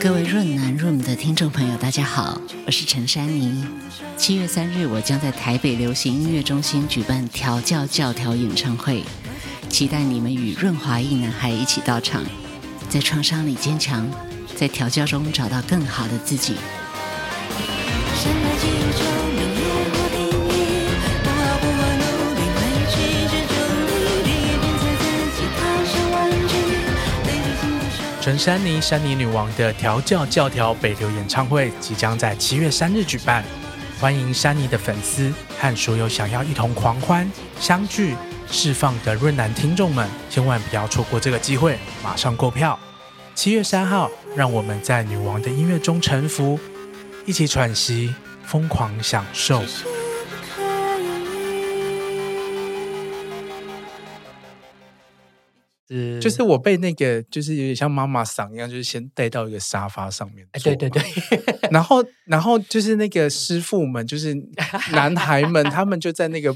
各位潤男潤女的聽眾朋友，大家好，我是陳珊妮。七月三日，我將在台北流行音樂中心舉辦調教教條演唱會，期待你們與潤滑液男孩一起到場，在創傷裡堅強，在調教中找到更好的自己。深陳珊妮、珊妮女王的調教教條北流演唱會即將在七月三日舉辦，歡迎珊妮的粉絲和所有想要一同狂歡、相聚、釋放的潤男聽眾們，千萬不要錯過這個機會，馬上購票。七月三號，讓我們在女王的音樂中沉浮，一起喘息，瘋狂享受。嗯、就是我被那個，就是有點像媽媽桑一樣，就是先帶到一個沙發上面坐，哎、對對對， 然後然後就是那個師傅們，就是男孩們， 他們就在那個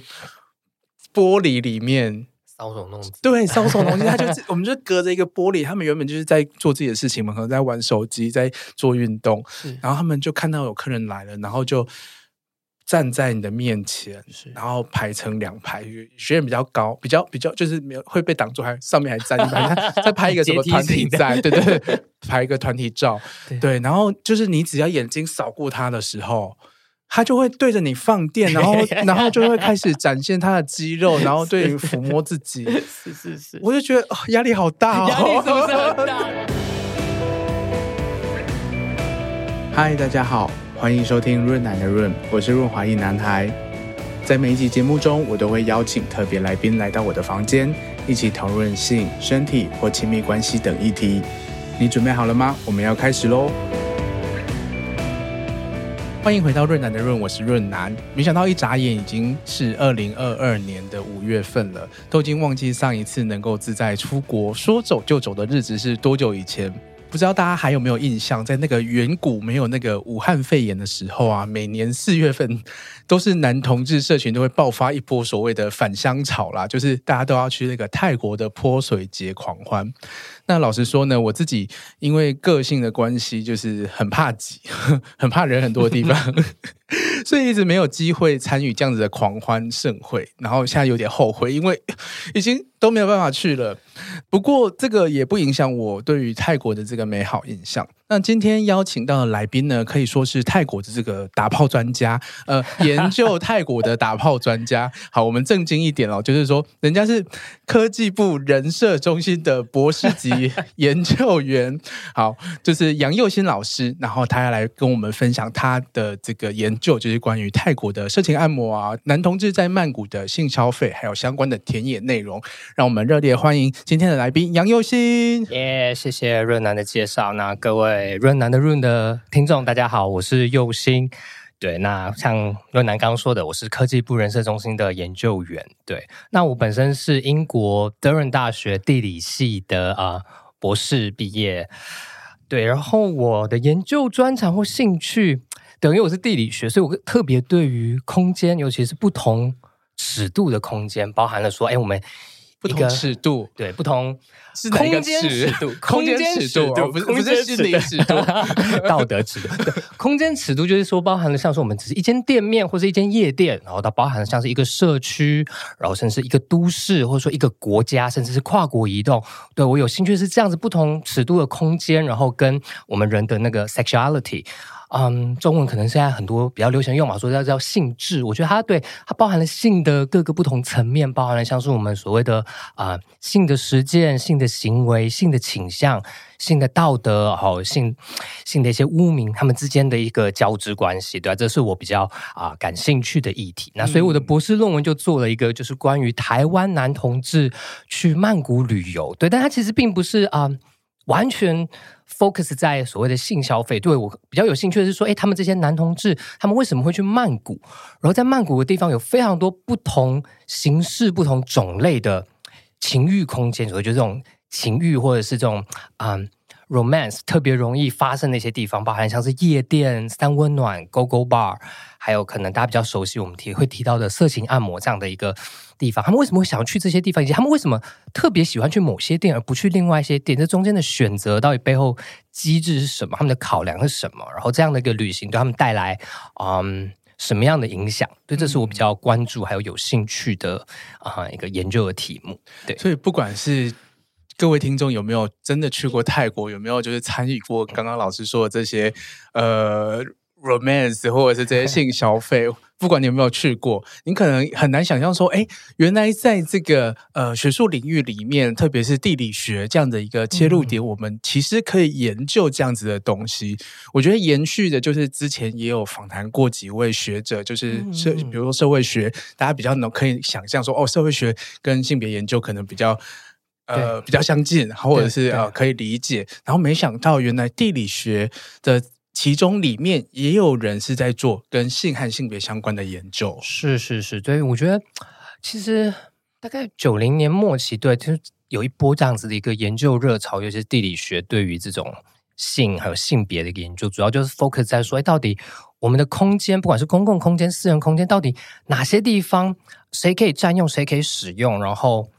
玻璃裡面搔首弄姿。對，搔首弄姿，他就我們就隔着一個玻璃， 他們原本就是在做自己的事情嘛，可能在玩手機，在做運動。是然後他們就看到有客人來了，然後就站在你的面前，是然後排成兩排，學院比較高，比較比較就是沒有會被擋住，還上面還站一 排，再拍一個什麼團體在， 對對，拍一個團體照，對，對，然後就是你只要眼睛掃過他的時候，他就會對着你放電，然後 然後就會開始展現他的肌肉， 然後對你撫摸自己，是，是是是，我就覺得、哦、壓力好大哦。嗨、啊， Hi, 大家好。歡迎收聽潤男的 Room，我是潤滑液男孩。在每一集節目中，我都會邀請特別來賓來到我的房間，一起討論性、身體或親密關係等議題。你準備好了嗎？我們要開始嘍！歡迎回到潤男的 Room，我是潤男。沒想到一眨眼已經是二零二二年的五月份了，都已經忘記上一次能夠自在出國、說走就走的日子是多久以前。不知道大家還有沒有印象，在那個遠古沒有那個武漢肺炎的時候啊，每年四月份都是男同志社群都會爆發一波所謂的返鄉潮啦，就是大家都要去那個泰國的潑水節狂歡。那老實說呢，我自己因為個性的關係，就是很怕擠，很怕人很多的地方。 所以一直沒有機會參與這樣子的狂歡盛會，然後現在有點後悔，因為已經都沒有辦法去了。不過這個也不影響我對於泰國的這個美好印象。那今天邀請到的來賓呢，可以說是泰國的這個打炮專家，呃，研究泰國的打炮專家。 好，我們正經一點哦，就是說人家是科技部人社中心的博士級研究員。好，就是楊又欣老師，然後他要來跟我們分享他的這個研。就就是關於泰國的色情按摩啊，男同志在曼谷的性消費，還有相關的田野內容，讓我們熱烈歡迎今天的來賓楊又欣。耶，yeah, 謝謝潤男的介紹。那各位潤男的潤的聽眾，大家好，我是又欣。對，那像潤男剛剛說的，我是科技部人社中心的研究員。對，那我本身是英國德倫大學地理系的啊、呃、博士畢業。對，然後我的研究專長或興趣。等於我是地理學，所以我特別對於空間，尤其是不同尺度的空間，包含了說，哎，我們不同尺度，對，不同是空間尺度，空間尺度， 空間尺度，道德尺度， 空間尺度，就是說，包含了像說我們只是一間店面，或是一間夜店，然後它包含了像是一個社區，然後甚至一個都市，或者說一個國家，甚至是跨國移動。對，我有興趣是這樣子不同尺度的空間，然後跟我們人的那個 sexuality。嗯，um, 中文可能現在很多比較流行用嘛，說叫叫性制。我覺得它對它包含了性的各個不同層面，包含了像是我們所謂的啊、呃、性的實踐、性的行為、性的傾向、性的道德，好性性的一些污名，他們之間的一個交織關係，對吧、啊？這是我比較啊、呃、感興趣的議題。嗯、那所以我的博士論文就做了一個，就是關於台灣男同志去曼谷旅遊，對，但他其實並不是啊。呃完全 focus 在所謂的性消費，對我比較有興趣的是說，誒、欸，他們這些男同志，他們為什麼會去曼谷？然後在曼谷的地方有非常多不同形式、不同種類的情慾空間，所謂就這種情慾，或者是這種啊。嗯 romance 特別容易發生那些地方，包含像是夜店、三溫暖、Gogo Bar，還有可能大家比較熟悉，我們提會提到的色情按摩這樣的一個地方。他們為什麼會想要去這些地方？以及他們為什麼特別喜歡去某些店，而不去另外一些店？這中間的選擇到底背後機制是什麼？他們的考量是什麼？然後這樣的一個旅行對他們帶來嗯、呃、什麼樣的影響？嗯、對，這是我比較關注還有有興趣的啊、呃、一個研究的題目。對，所以不管是。各位聽眾有沒有真的去過泰國？有沒有就是參與過剛剛老師說的這些呃 romance，或者是這些性消費？嘿不管你有沒有去過，你可能很難想象說，哎，原來在這個呃學術領域裡面，特別是地理學這樣的一個切入點，嗯嗯我們其實可以研究這樣子的東西。我覺得延續的就是之前也有訪談過幾位學者，就是社，嗯嗯嗯比如說社會學，大家比較能可以想象說，哦，社會學跟性別研究可能比較。呃，比較相近，或者是呃可以理解。然後沒想到，原來地理學的其中裡面也有人是在做跟性和性別相關的研究。是是是，所以我覺得其實大概九零年末期，對，其實有一波這樣子的一個研究熱潮，尤其是地理學對於這種性還有性別的研究，主要就是 focus 在說，哎，到底我們的空間，不管是公共空間、私人空間，到底哪些地方誰可以占用，誰可以使用，然後。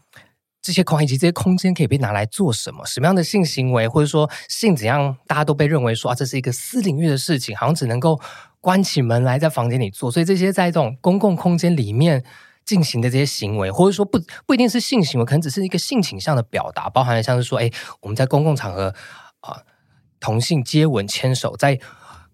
這些空間以及這些空間可以被拿來做什麼？什麼樣的性行為，或者說性怎樣，大家都被認為說啊，這是一個私領域的事情，好像只能夠關起門來在房間裡做。所以這些在這種公共空間裡面進行的這些行為，或者說不不一定是性行為，可能只是一個性傾向的表達，包含了像是說，哎，我們在公共場合啊，同性接吻、牽手，在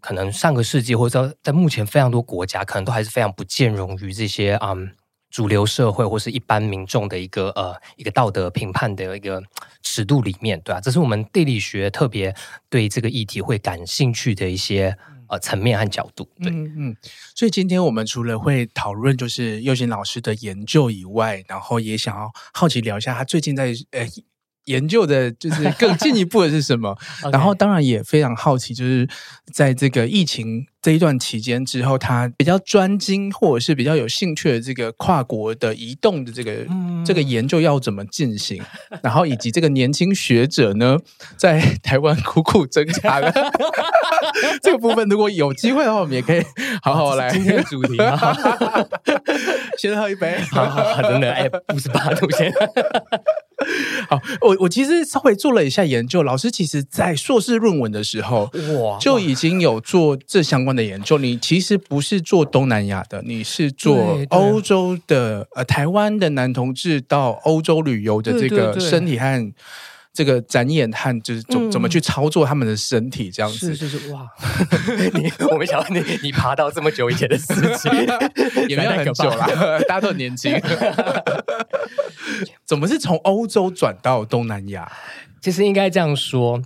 可能上個世紀或者說在目前非常多國家，可能都還是非常不見容於這些啊、嗯。主流社會或是一般民眾的一個呃一個道德評判的一個尺度裡面，對吧、啊？這是我們地理學特別對這個議題會感興趣的一些呃層面和角度。對嗯，嗯。所以今天我們除了會討論就是又欣老師的研究以外，然後也想要好奇聊一下他最近在呃。研究的就是更進一步的是什麼？ Okay. 然後當然也非常好奇，就是在這個疫情這一段期間之後，他比較專精或者是比較有興趣的這個跨國的移動的這個、嗯、這個研究要怎麼進行？然後以及這個年輕學者呢，在台灣苦苦掙扎的這個部分，如果有機會的話，我們也可以好好來 今天主題。 先喝一杯， 好好好，等等，哎，五十八度先好，我我其實稍微做了一下研究，老師其實在碩士論文的時候哇哇就已經有做這相關的研究。你其實不是做東南亞的，你是做歐洲的，對對呃，台灣的男同志到歐洲旅遊的這個身體和。對對對呃這個展演和就是怎怎麼去操作他們的身體，這樣子、嗯、是就是，是哇！ 你我沒想到你你爬到這麼久以前的事情， 也沒有很久啦， 大家都很年輕。 怎麼是從歐洲轉到東南亞？其實應該這樣說，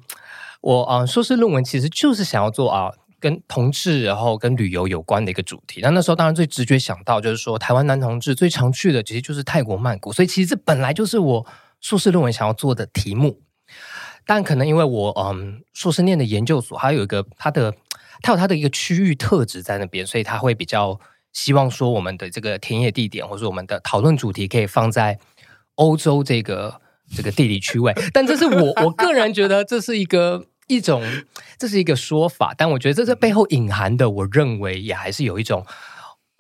我啊碩士論文其實就是想要做啊、呃、跟同志然後跟旅遊有關的一個主題。那那時候當然最直覺想到就是說，台灣男同志最常去的其實就是泰國曼谷，所以其實這本來就是我。碩士論文想要做的題目，但可能因為我嗯，碩士念的研究所，它有一個它的，它有它的一個區域特質在那邊，所以它會比較希望說我們的這個田野地點，或者我們的討論主題，可以放在歐洲這個這個地理區位。 但這是我我個人覺得這是一個 一種這是一個說法，但我覺得這背後隱含的，我認為也還是有一種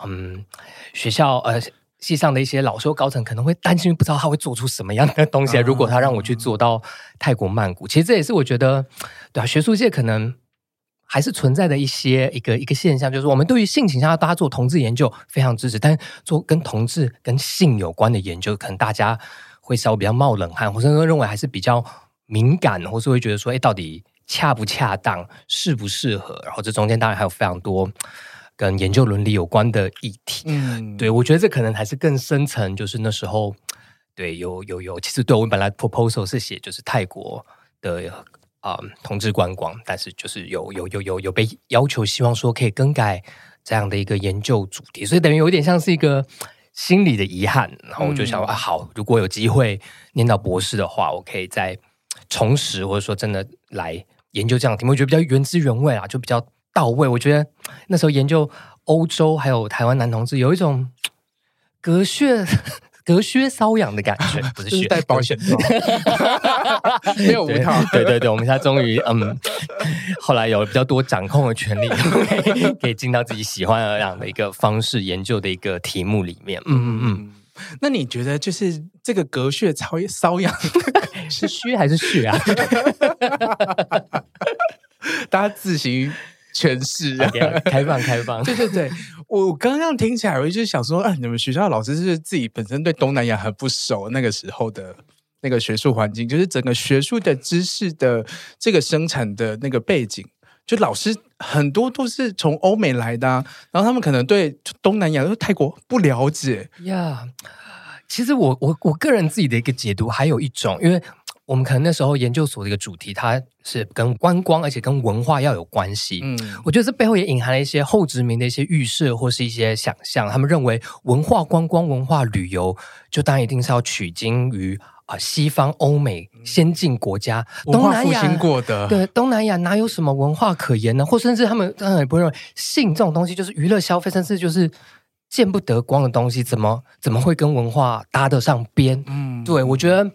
嗯，學校呃。系上的一些老師高層可能會擔心，不知道他會做出什麼樣的東西。如果他讓我去做到泰國曼谷，其實這也是我覺得，對啊，學術界可能還是存在的一些一個一個現象，就是我們對於性傾向，大家做同志研究非常支持，但做跟同志跟性有關的研究，可能大家會稍微比較冒冷汗，或者說認為還是比較敏感，或是會覺得說，哎，到底恰不恰當，適不適合？然後這中間當然還有非常多。跟研究倫理有關的議題，嗯、對，我覺得這可能還是更深層。就是那時候，對，有有有，其實，對我們本來 proposal 是寫就是泰國的啊，嗯，同志觀光，但是就是有有有有有被要求希望說可以更改這樣的一個研究主題，所以等於有點像是一個心理的遺憾。然後我就想，嗯啊，好，如果有機會念到博士的話，我可以再重拾，或者說真的來研究這樣的題目，我覺得比較原汁原味啊，就比較。到位，我覺得那時候研究歐洲還有台灣男同志有一種隔靴隔靴搔癢的感覺，不是帶保險，沒有無套。對,對對對，我們現在終於嗯，後來有了比較多掌控的權利，可以可以進到自己喜歡而癢的一個方式研究的一個題目裡面。嗯嗯,嗯，那你覺得就是這個隔靴搔搔癢 是靴還是血啊？ 大家自行。全是啊，Okay, 開放開放，對對對，我剛剛聽起來，我就想說，啊，你們學校老師是自己本身對東南亞很不熟，那個時候的那個學術環境，就是整個學術的知識的這個生產的那個背景，就老師很多都是從歐美來的啊，然後他們可能對東南亞，就泰國不了解呀。Yeah, 其實我我我個人自己的一個解讀還有一種，因為。我們可能那時候研究所的一個主題，它是跟觀光，而且跟文化要有關係。嗯，我覺得這背後也隱含了一些後殖民的一些預設，或是一些想象。他們認為文化觀光、文化旅游，就當然一定是要取經於啊西方歐美先進國家。東南亞過的對東南亞哪有什麼文化可言呢？或甚至他們當然也、嗯、不認為性這種東西就是娛樂消費，甚至就是見不得光的東西，怎麼怎麼會跟文化搭得上邊？嗯，對我覺得。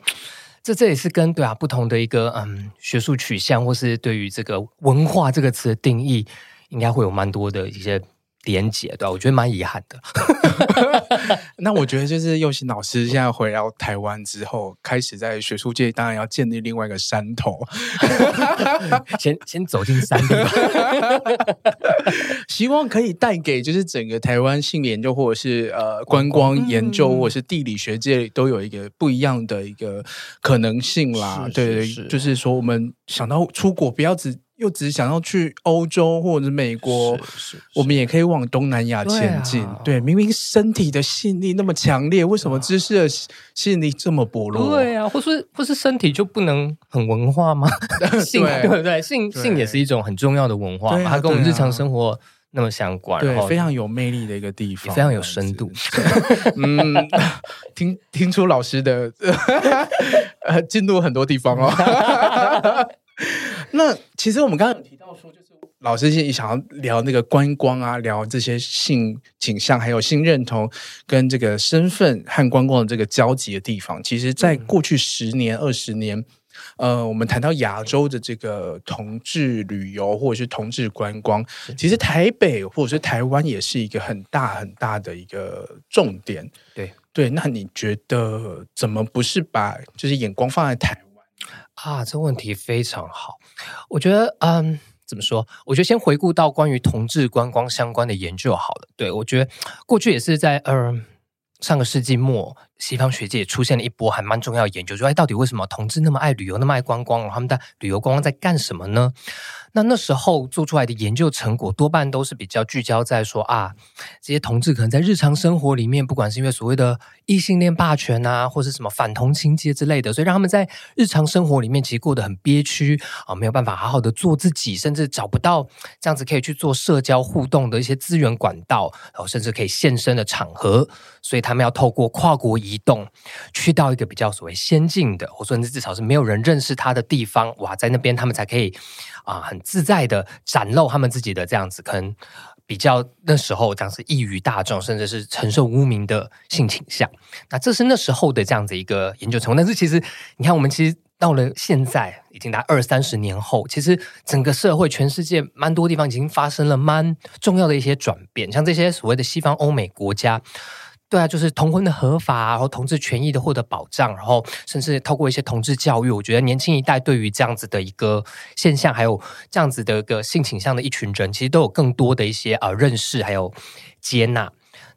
這這也是跟對啊，不同的一個嗯，學術取向，或是對於這個文化這個詞的定義，應該會有蠻多的一些連結，對啊，我覺得蠻遺憾的。 那我覺得就是又欣老師現在回到台灣之後，開始在學術界當然要建立另外一個山頭 先，先先走進山裡吧 希望可以帶給就是整個台灣性研究或者是呃觀光研究或者是地理學界都有一個不一樣的一個可能性啦。對，就是說我們想到出國不要只。又只想要去歐洲或者美國，我們也可以往東南亞前進。對，明明身體的吸引力那麼強烈，為什麼知識的吸引力這麼薄弱？對啊，或是或是身體就不能很文化嗎？性，對不對？性性也是一種很重要的文化，它跟我們日常生活那麼相關，對，非常有魅力的一個地方，非常有深度。嗯，聽聽出老師的進入很多地方哦。那其實我們剛才有提到說，就是老師現在想要聊那個觀光啊，聊這些性景象，還有性認同跟這個身份和觀光的這個交集的地方。其實，在過去十年、嗯、二十年，呃，我們談到亞洲的這個同志旅遊或者是同志觀光，其實台北或者是台灣也是一個很大很大的一個重點。對對，那你覺得怎麼不是把就是眼光放在台灣？啊，這問題非常好。我覺得，嗯，怎麼說？我覺得先回顧到關於同志觀光相關的研究好了。對，我覺得，過去也是在，嗯、呃，上個世紀末。西方學界也出現了一波還蠻重要的研究說，說、欸、哎，到底為什麼同志那麼愛旅遊、那麼愛觀光？他們在旅遊觀光在幹什麼呢？那那時候做出來的研究成果多半都是比較聚焦在說啊，這些同志可能在日常生活裡面，不管是因為所謂的異性戀霸權啊，或是什麼反同情節之類的，所以讓他們在日常生活裡面其實過得很憋屈啊，沒有辦法好好的做自己，甚至找不到這樣子可以去做社交互動的一些資源管道，然後，啊，甚至可以現身的場合，所以他們要透過跨國。移動去到一個比較所謂先進的，或者說至少是沒有人認識他的地方，哇，在那邊他們才可以啊、呃，很自在的展露他們自己的這樣子，可能比較那時候當時異於大眾，甚至是承受污名的性傾向。那這是那時候的這樣子一個研究成果，但是其實你看，我們其實到了現在已經達二三十年後，其實整個社會、全世界蠻多地方已經發生了蠻重要的一些轉變，像這些所謂的西方歐美國家。對啊，就是同婚的合法，然後同志權益的獲得保障，然後甚至透過一些同志教育，我覺得年輕一代對於這樣子的一個現象，還有這樣子的一個性傾向的一群人，其實都有更多的一些啊、呃、認識，還有接納。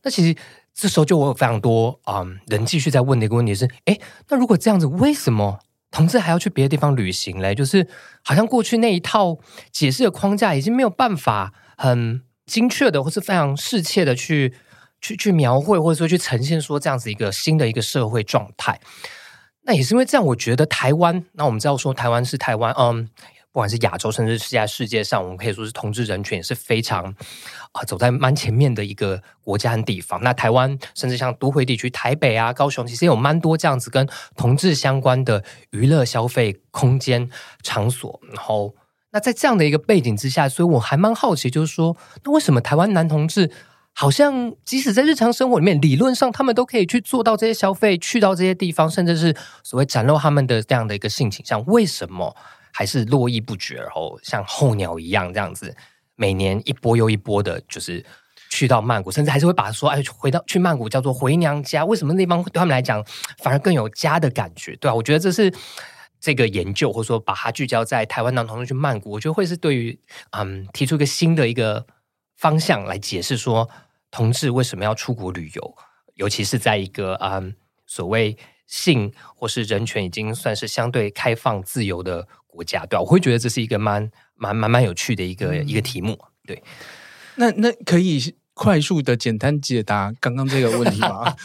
那其實這時候，就我有非常多啊、呃、人繼續在問的一個問題是：哎，那如果這樣子，為什麼同志還要去別的地方旅行嘞？就是好像過去那一套解釋的框架，已經沒有辦法很精確的，或是非常適切的去。去去描繪或者說去呈現說這樣子一個新的一個社會狀態，那也是因為這樣，我覺得台灣，那我們知道說台灣是台灣，嗯，不管是亞洲甚至是在世界上，我們可以說是同志人群也是非常啊、呃、走在蠻前面的一個國家跟地方。那台灣甚至像都會地區台北啊、高雄，其實也有蠻多這樣子跟同志相關的娛樂消費空間場所。然後，那在這樣的一個背景之下，所以我還蠻好奇，就是說，那為什麼台灣男同志？好像即使在日常生活裡面，理論上他們都可以去做到這些消費，去到這些地方，甚至是所謂展露他們的這樣的一個性傾向，像為什麼還是絡繹不絕？然後像候鳥一樣這樣子，每年一波又一波的，就是去到曼谷，甚至還是會把他說哎回到去曼谷叫做回娘家，為什麼那幫對他們來講反而更有家的感覺？對啊，我覺得這是這個研究或者說把它聚焦在台灣當中去曼谷，我覺得會是對於嗯提出一個新的一個方向來解釋說。同志為什麼要出國旅遊？尤其是在一個嗯，所謂性或是人權已經算是相對開放自由的國家，對吧、啊？我會覺得這是一個蠻蠻蠻蠻有趣的一個、嗯、一個題目。對，那那可以快速的簡單解答剛剛這個問題嗎？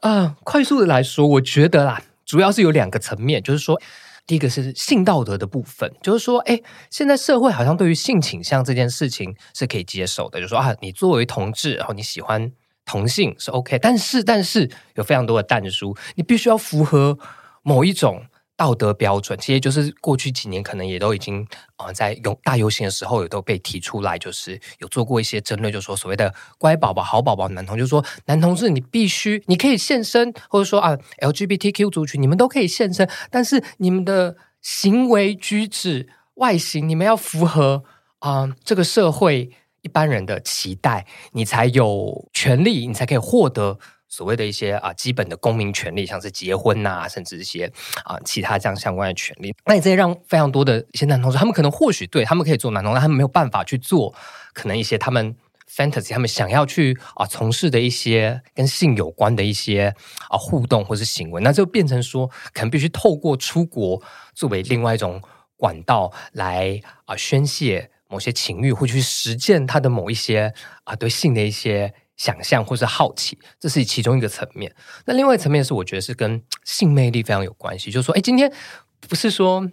啊，快速的來說，我覺得啦，主要是有兩個層面，就是說。第一個是性道德的部分，就是說，哎、欸，現在社會好像對於性傾向這件事情是可以接受的就是，就說啊，你作為同志，然後你喜歡同性是 OK，但是但是有非常多的但書，你必須要符合某一種。道德標準，其實就是過去幾年可能也都已經啊、呃，在有大遊行的時候也都被提出來，就是有做過一些爭論，就是說所謂的乖寶寶、好寶寶、男同，就是說男同志你必須你可以現身，或者說啊 LGBTQ 族群你們都可以現身，但是你們的行為舉止、外形，你們要符合啊這個社會一般人的期待，你才有權利，你才可以獲得。所謂的一些啊基本的公民權利，像是結婚吶、啊，甚至一些啊其他這樣相關的權利。那你這些讓非常多的一些男同志他們可能或許對他們可以做男同，但他們沒有辦法去做，可能一些他們 fantasy 他們想要去啊從事的一些跟性有關的一些啊互動或是行為，那就變成說可能必須透過出國作為另外一種管道來啊宣泄某些情欲，或去實踐他的某一些啊對性的一些。想象或是好奇，這是其中一個層面。那另外一個層面是，我覺得是跟性魅力非常有關係。就是說，哎，今天不是說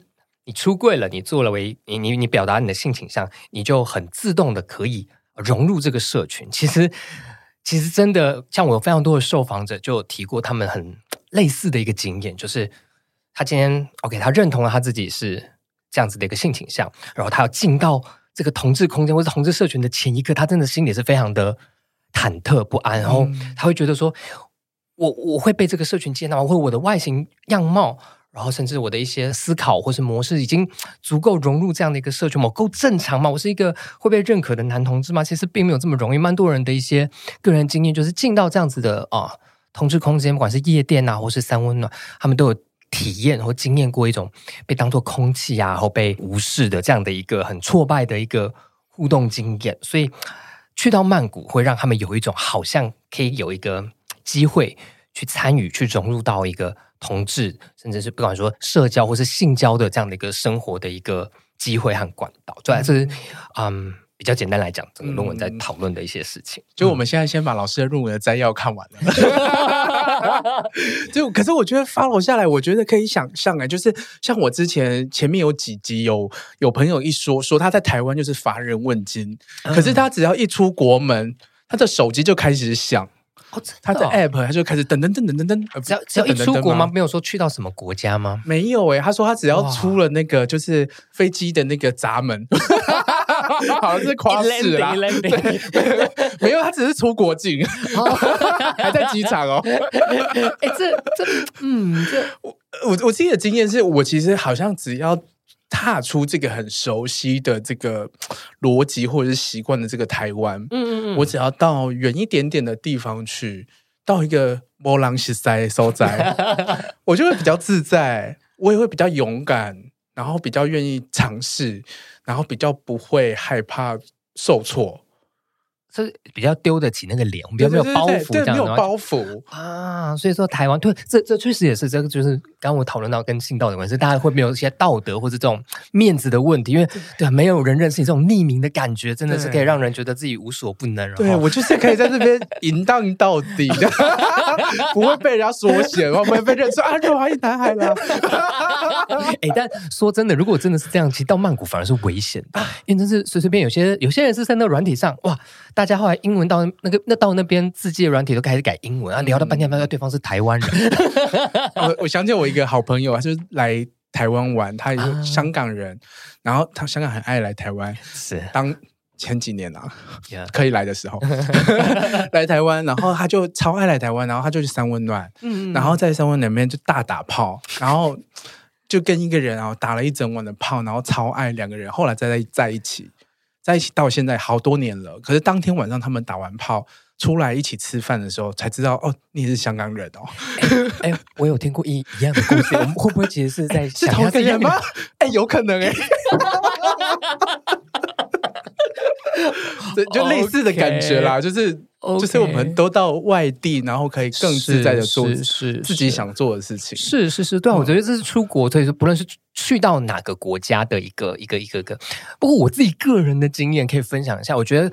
你出櫃了，你做了為你你你表達你的性傾向，你就很自動的可以融入這個社群。其實，其實真的像我有非常多的受訪者就有提過他們很類似的一個經驗，就是他今天 OK，他認同了他自己是這樣子的一個性傾向，然後他要進到這個同志空間或是同志社群的前一刻，他真的心裡是非常的。忐忑不安，然後他會覺得說我：“我我會被這個社群接納或我，我的外形樣貌，然後甚至我的一些思考或是模式，已經足夠融入這樣的一個社群嗎？夠正常嗎？我是一個會被認可的男同志嗎？”其實並沒有這麼容易。蠻多人的一些個人經驗，就是進到這樣子的啊同志空間，不管是夜店啊，或是三溫暖啊，他們都有體驗或經驗過一種被當作空氣啊，或被無視的這樣的一個很挫敗的一個互動經驗，所以。去到曼谷，會讓他們有一種好像可以有一個機會去參與、去融入到一個同志，甚至是不管說社交或是性交的這樣的一個生活的一個機會和管道，主要是，嗯。Um 比較簡單來講，整個論文在討論的一些事情。就我們現在先把老師的論文的摘要看完了。就可是我覺得發 w 下來，我覺得可以想象啊，就是像我之前前面有幾集有有朋友一說，說他在台灣就是乏人問津，可是他只要一出國門，他的手機就開始響，他的 app 他就開始等噔噔噔噔噔。只要只要一出國嗎？沒有說去到什麼國家嗎？沒有哎，他說他只要出了那個就是飛機的那個閘門。 好像是跨境了，沒有，他只是出國境， 還在機場哦。 欸、這這，嗯，這我我我自己的經驗是，我其實好像只要踏出這個很熟悉的這個邏輯或者是習慣的這個台灣，嗯，嗯嗯，我只要到遠一點點的地方去，到一個無人熟似所在， 我就會比較自在，我也會比較勇敢，然後比較願意嘗試。然後比較不會害怕受挫。這是比較丟得起那個臉，比較沒有包袱這樣沒有包袱啊，所以說台灣對這這確實也是這個，就是剛剛我討論到跟性道德關係，大家會沒有一些道德或者這種面子的問題，因為對，沒有人認識你，這種匿名的感覺真的是可以讓人覺得自己無所不能，對，後對我就是可以在這邊淫蕩到底的， 不會被人家所寫，不會被認出啊，又發一男孩了。哎，但說真的，如果真的是這樣，其實到曼谷反而是危險的，因為真是隨隨便有些有些人是在那個軟體上哇。大家後來英文到那個那到那邊自己軟體都開始改英文啊，聊了半天發現、嗯、對方是台灣人。 我。我我想起我一個好朋友，啊，就是來台灣玩，他是香港人，啊、然後他香港很愛來台灣，是，啊、當前幾年啊 Yeah. 可以來的時候來台灣，然後他就超愛來台灣，然後他就去三溫暖，嗯、然後在三溫暖那邊就大打炮，然後就跟一個人啊打了一整晚的炮，然後超愛兩個人，後來再在在一起。在一起到現在好多年了，可是當天晚上他們打完炮出來一起吃飯的時候，才知道哦，你是香港人哦。哎、欸欸，我有聽過一一樣的故事， 我們會不會其實是在想是同一個人嗎？哎、欸，有可能哎。就類似的感覺啦，Okay. 就是。Okay. 就是我們都到外地，然後可以更自在的做是自己想做的事情。是是是，是，是，是，是，對、啊，嗯、我覺得這是出國，所以說不論是去到哪個國家的一個一個一個一個，不過我自己個人的經驗可以分享一下。我覺得，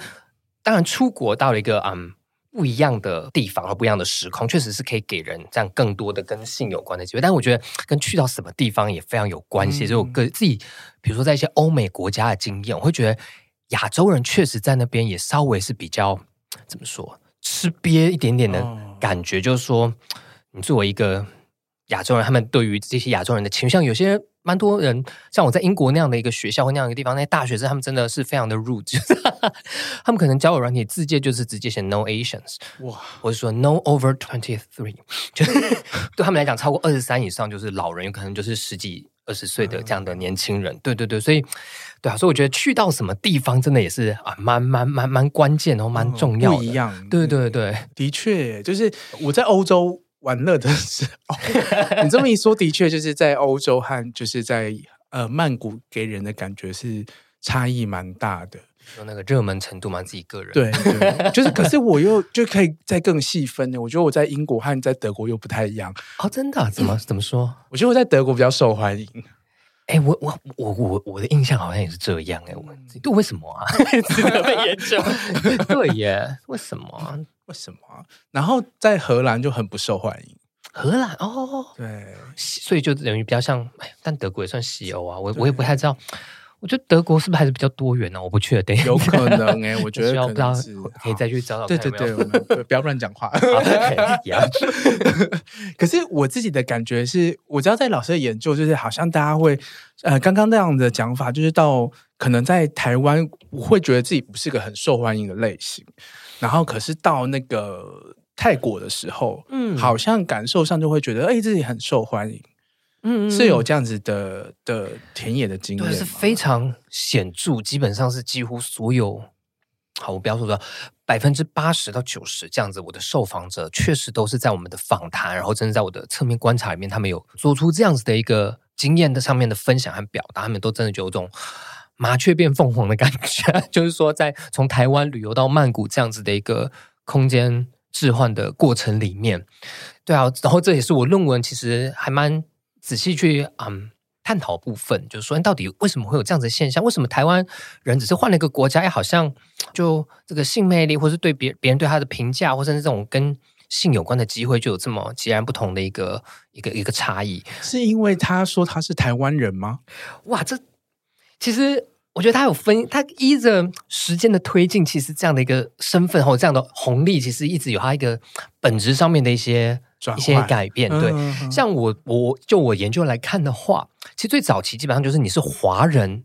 當然出國到了一個嗯不一樣的地方和不一樣的時空，確實是可以給人這樣更多的跟性有關的機會。但我覺得跟去到什麼地方也非常有關係。嗯、就我個自己，比如說在一些歐美國家的經驗，我會覺得亞洲人確實在那邊也稍微是比較。怎麼說？吃癟一點點的感覺，oh. 就是說，你作為一個亞洲人，他們對於這些亞洲人的傾向，有些蠻多人，像我在英國那樣的一個學校或那樣的一個地方，那些大學生他們真的是非常的 rude，就是 他們可能交友軟體，自介就是直接寫 no Asians，哇，Wow. 或者說 no over twenty three，就是 對他們來講超過二十三以上就是老人，有可能就是十幾。二十歲的這樣的年輕人，啊、對對對，所以，對啊，所以我覺得去到什麼地方，真的也是啊，蠻蠻蠻蠻關鍵哦，蠻重要、嗯，不一樣，對對對，嗯、的確，就是我在歐洲玩樂的時候、 哦，你這麼一說，的確就是在歐洲和就是在呃曼谷給人的感覺是差異蠻大的。有那個熱門程度嘛，自己個人對，對，就是可是我又就可以再更細分呢。我覺得我在英國和在德國又不太一樣哦，真的、啊、怎麼怎麼說？我覺得我在德國比較受歡迎。哎，我我我我我的印象好像也是這樣哎，我、嗯、對，為什麼啊？值得被研究？對耶，為什麼、啊？為什麼、啊？然後在荷蘭就很不受歡迎。荷蘭哦，對，所以就等於比較像哎，但德國也算西歐啊，我對我也不太知道。我覺得德國是不是還是比較多元呢？啊？我不確定，有可能誒、欸、我覺得可能需要不可以好再去找找。對對對，不要亂講話。 好 okay，也要去。 可是我自己的感覺是，我知道在老師的研究，就是好像大家會，呃，剛剛那樣的講法，就是到可能在台灣會覺得自己不是個很受歡迎的類型，嗯、然後可是到那個泰國的時候，嗯，好像感受上就會覺得，哎、欸，自己很受歡迎。 是有這樣子的的田野的經驗，對，是非常顯著。基本上是幾乎所有，好，我不要說說百分之八十到九十這樣子。我的受訪者確實都是在我們的訪談，然後真的在我的側面觀察裡面，他們有做出這樣子的一個經驗的上面的分享和表達，他們都真的就有種麻雀變鳳凰的感覺。就是說，在從台灣旅游到曼谷這樣子的一個空間置換的過程裡面，對啊，然後這也是我論文其實還蠻。仔細去嗯探討部分，就是說到底為什麼會有這樣的現象？為什麼台灣人只是換了一個國家，也好像就這個性魅力，或是對別別人對他的評價，或者是這種跟性有關的機會，就有這麼截然不同的一個一個一個差異？是因為他說他是台灣人嗎？哇，這其實我覺得他有分，他依着時間的推進，其實這樣的一個身份或者這樣的紅利，其實一直有他一個本質上面的一些。一些改變，對，嗯嗯嗯，像我，我就我研究來看的話，其實最早期基本上就是你是華人，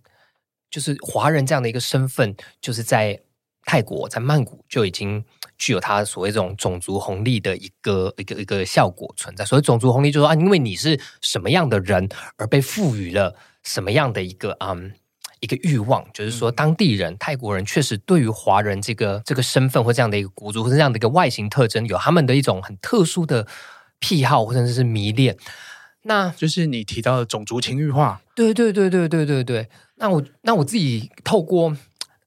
就是華人這樣的一個身份，就是在泰國，在曼谷就已經具有它所謂這種種族紅利的一個一個一個效果存在。所謂種族紅利就是說，就說啊，因為你是什麼樣的人，而被賦予了什麼樣的一個啊。嗯一個欲望，就是說當地人、嗯、泰國人確實對於華人這個這個身份或這樣的一個國族，或者這樣的一個外形特徵，有他們的一種很特殊的癖好，或甚至是迷戀。那就是你提到的種族情欲化，對對對對對對對。那我那我自己透過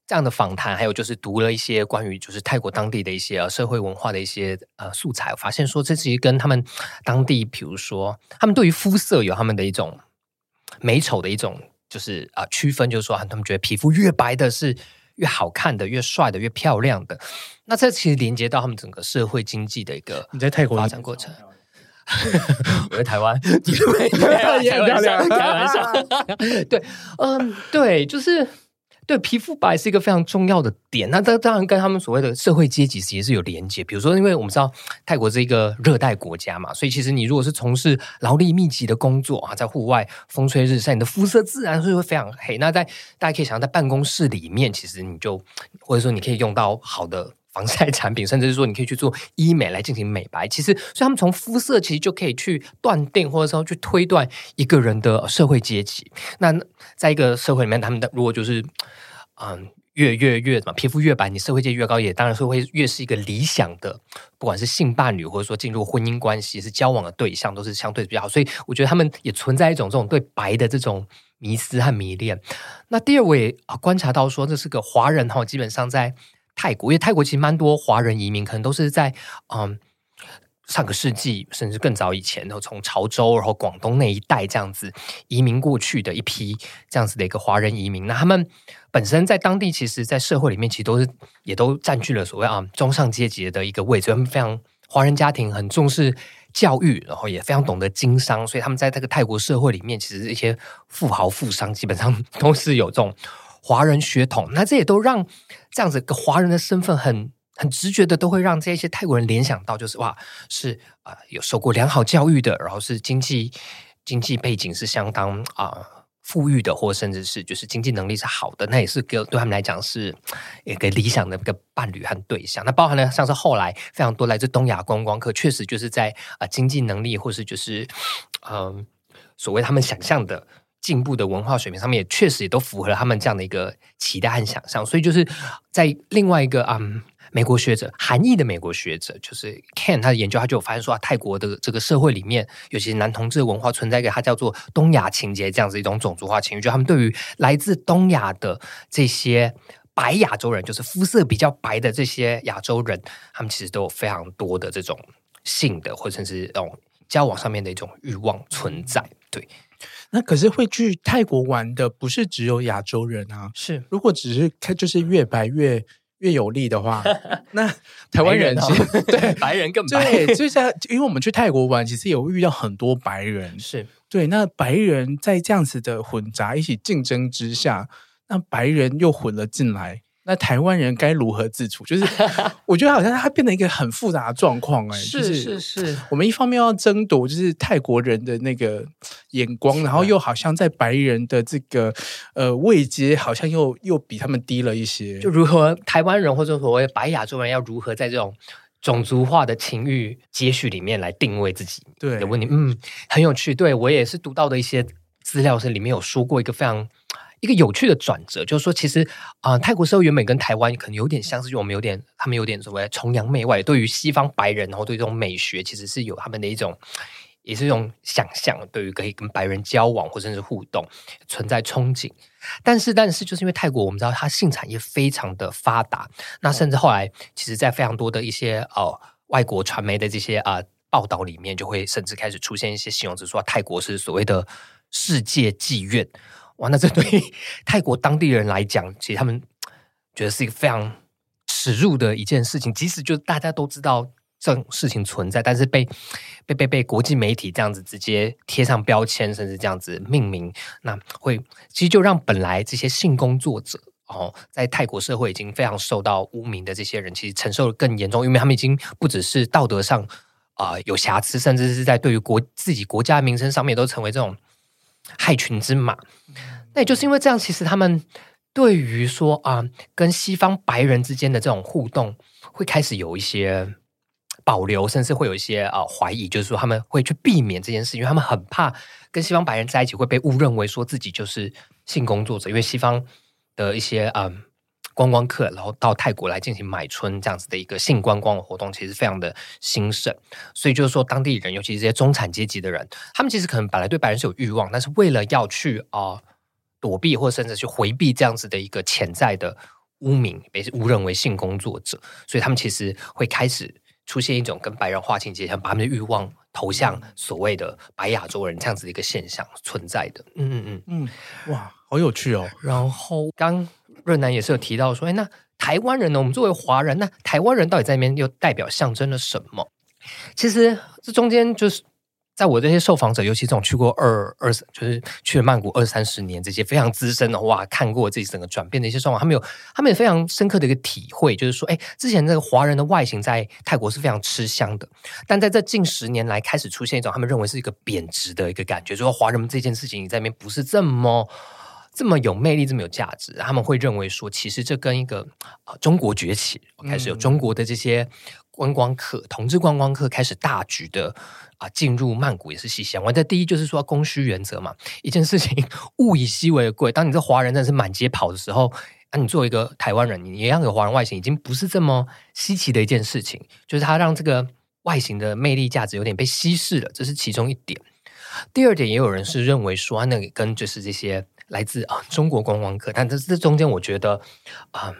這樣的訪談，還有就是讀了一些關於就是泰國當地的一些、啊、社會文化的一些呃、啊、素材，發現說這其實跟他們當地，比如說他們對於膚色有他們的一種美醜的一種。就是啊，呃、區分就是說，他們覺得皮膚越白的是越好看的，越帥的，越漂亮的。那這其實連接到他們整個社會經濟的一個你在泰國發展過程，在 我在台灣，開玩笑，開玩笑，對，嗯、um,，對，就是。對，皮膚白是一個非常重要的點。那這當然跟他們所謂的社會階級其實是有連結。比如說，因為我們知道泰國是一個熱帶國家嘛，所以其實你如果是從事勞力密集的工作啊，在戶外風吹日曬，你的膚色自然是會非常黑。那在大家可以想象，在辦公室裡面，其實你就或者說你可以用到好的防曬產品，甚至是說你可以去做醫美來進行美白。其實，所以他們從膚色其實就可以去斷定，或者說去推斷一個人的社會階級。那。在一個社會裡面，他們如果就是，嗯，越越越什麼皮膚越白，你社會界越高，也當然是會越是一個理想的，不管是性伴侶或者說進入婚姻關係是交往的對象，都是相對比較好。所以我覺得他們也存在一種這種對白的這種迷思和迷戀。那第二位啊觀察到說，這是個華人哈，基本上在泰國，因為泰國其實蠻多華人移民，可能都是在嗯。上個世紀，甚至更早以前，然後從潮州，然後廣東那一帶這樣子移民過去的一批這樣子的一個華人移民，那他們本身在當地，其實在社會裡面，其實都是也都占據了所謂啊中上階級的一個位置。他們非常華人家庭很重視教育，然後也非常懂得經商，所以他們在這個泰國社會裡面，其實一些富豪富商基本上都是有這種華人血統。那這也都讓這樣子個華人的身份很。很直覺的都會讓這些泰國人聯想到，就是哇，是啊、呃，有受過良好教育的，然後是經濟經濟背景是相當啊、呃、富裕的，或甚至是就是經濟能力是好的，那也是給對他們來講是一個理想的一個伴侶和對象。那包含了像是後來非常多來自東亞觀光客，確實就是在啊、呃、經濟能力或是就是嗯、呃、所謂他們想象的進步的文化水平上面，也確實也都符合他們這樣的一個期待和想象。所以就是在另外一個嗯、呃。美國學者，韓裔的美國學者，就是 Ken，他的研究他就有發現說，泰國的這個社會裡面，尤其男同志的文化存在一個，他叫做“東亞情結”這樣子一種種族化情結，就他們對於來自東亞的這些白亞洲人，就是膚色比較白的這些亞洲人，他們其實都有非常多的這種性的或者是這種交往上面的一種欲望存在。對，那可是會去泰國玩的不是只有亞洲人啊？是，如果只是看，就是越白越。越有利的話，那台灣人其實 白人，哦，對 白人更白對，就像因為我們去泰國玩，其實也會遇到很多白人，是對。那白人在這樣子的混雜一起競爭之下，那白人又混了進來。那台灣人該如何自處？就是我覺得好像它變得一個很複雜的狀況哎，是是是。是我們一方面要爭奪，就是泰國人的那個眼光，啊、然後又好像在白人的這個呃位階，好像又又比他們低了一些。就如何台灣人或者所謂白亞洲人要如何在這種種族化的情欲階序裡面來定位自己？對，有問題，嗯，很有趣。對，我也是讀到的一些資料是裡面有說過一個非常，一個有趣的轉折就是說，其實啊、呃，泰國社會原本跟台灣可能有點相似，就我們有點，他們有點所謂崇洋媚外，對於西方白人，然後對這種美學，其實是有他們的一種，也是一種想象，對於可以跟白人交往或者是互動存在憧憬。但是，但是就是因為泰國我們知道它性產業非常的發達，那甚至後來、哦、其實在非常多的一些呃外國傳媒的這些啊、呃，報道裡面，就會甚至開始出現一些形容詞，說、啊、泰國是所謂的世界妓院。哇，那這對泰國當地人來講，其實他們覺得是一個非常恥辱的一件事情。即使就大家都知道這種事情存在，但是被被被被國際媒體這樣子直接貼上標籤，甚至這樣子命名，那會其實就讓本來這些性工作者哦，在泰國社會已經非常受到污名的這些人，其實承受得更嚴重，因為他們已經不只是道德上啊、呃、有瑕疵，甚至是在對於國自己國家名聲上面都成為這種害群之馬。那也就是因為這樣，其實他們對於說啊，跟西方白人之間的這種互動，會開始有一些保留，甚至會有一些啊懷疑，就是說他們會去避免這件事，因為他們很怕跟西方白人在一起會被誤認為說自己就是性工作者，因為西方的一些嗯、啊、觀光客，然後到泰國來進行買春這樣子的一個性觀光的活動，其實非常的興盛，所以就是說，當地人，尤其是這些中產階級的人，他們其實可能本來對白人是有慾望，但是為了要去啊。躲避，或甚至去迴避這樣子的一個潛在的污名，被誤認為性工作者，所以他們其實會開始出現一種跟白人劃清界限，把他們的欲望投向所謂的白亞洲人這樣子的一個現象存在的。嗯嗯嗯嗯，哇，好有趣哦！然後剛潤男也是有提到說，誒，那台灣人呢？我們作為華人，那台灣人到底在那邊又代表象徵了什麼？其實這中間就是。在我這些受訪者，尤其這種去過二二，就是去了曼谷二三十年這些非常資深的哇，看過自己整個轉變的一些狀況，他們有他們有非常深刻的一個體會，就是說，哎、欸，之前那個華人的外形在泰國是非常吃香的，但在這近十年來開始出現一種他們認為是一個貶值的一個感覺，說華人們這件事情，你在那邊不是這麼這麼有魅力，這麼有價值，他們會認為說，其實這跟一個、呃、中國崛起開始有中國的這些觀光客，嗯、同志觀光客開始大舉的。啊，進入曼谷也是稀罕。我覺得第一就是說，供需原則嘛，一件事情物以稀為貴。當你這華人，真的是滿街跑的時候，啊，你做一個台灣人，你一樣有華人外形，已經不是這麼稀奇的一件事情。就是它讓這個外形的魅力價值有點被稀釋了，這是其中一點。第二點，也有人是認為說，那跟就是這些來自啊中國觀光客，但這這中間，我覺得，嗯，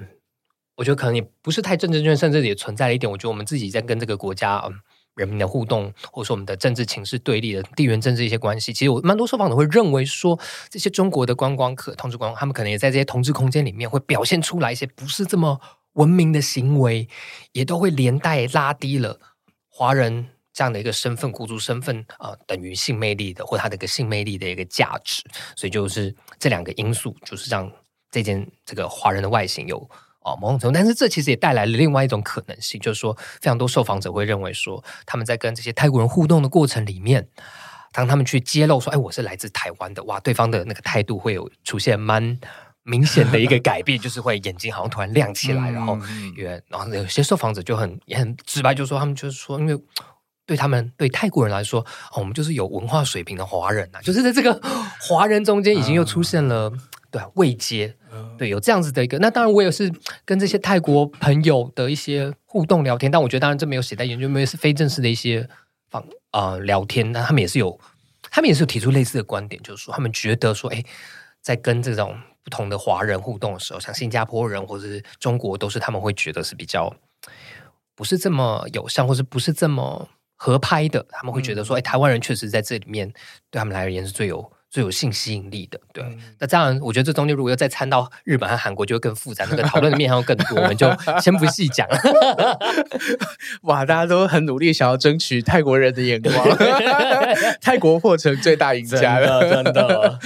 我覺得可能也不是太正正確，甚至也存在了一點。我覺得我們自己在跟這個國家嗯、啊人民的互動，或者說我們的政治情勢對立的地緣政治一些關係，其實我蠻多受訪者會認為說，這些中國的觀光客、同志觀光，他們可能也在這些同志空間裡面會表現出來一些不是這麼文明的行為，也都會連帶拉低了華人這樣的一個身份、僱主身份啊、呃，等於性魅力的或他的一個性魅力的一個價值，所以就是這兩個因素，就是讓這件這個華人的外形有。某種程度，但是這其實也帶來了另外一種可能性，就是說，非常多受訪者會認為說，他們在跟這些泰國人互動的過程裡面，當他們去揭露說，哎，我是來自台灣的，哇，對方的那個態度會有出現蠻明顯的一個改變， 就是會眼睛好像突然亮起來，嗯、然後也，然後有些受訪者就很也很直白，就說他們就是說，因為對他們對泰國人來說、哦，我們就是有文化水平的華人啊，就是在這個華人中間已經又出現了、嗯、對、啊、位階。對，有這樣子的一個，那當然我也是跟這些泰國朋友的一些互動聊天，但我覺得當然這沒有寫在研究沒有是非正式的一些訪啊、呃、聊天，那他們也是有，他們也是有提出類似的觀點，就是說他們覺得說，哎，在跟這種不同的華人互動的時候，像新加坡人或者中國，都是他們會覺得是比較不是這麼友善，或者不是這麼合拍的，他們會覺得說，哎、嗯，台灣人確實在這裡面對他們來而言是最有。最有性吸引力的，對。嗯、那這樣，我覺得這中間如果要再摻到日本和韓國，就會更複雜，那個討論的面還要更多， 我們就先不細講了。 哇，大家都很努力想要爭取泰國人的眼光， 泰國或成最大贏家了。真的，真的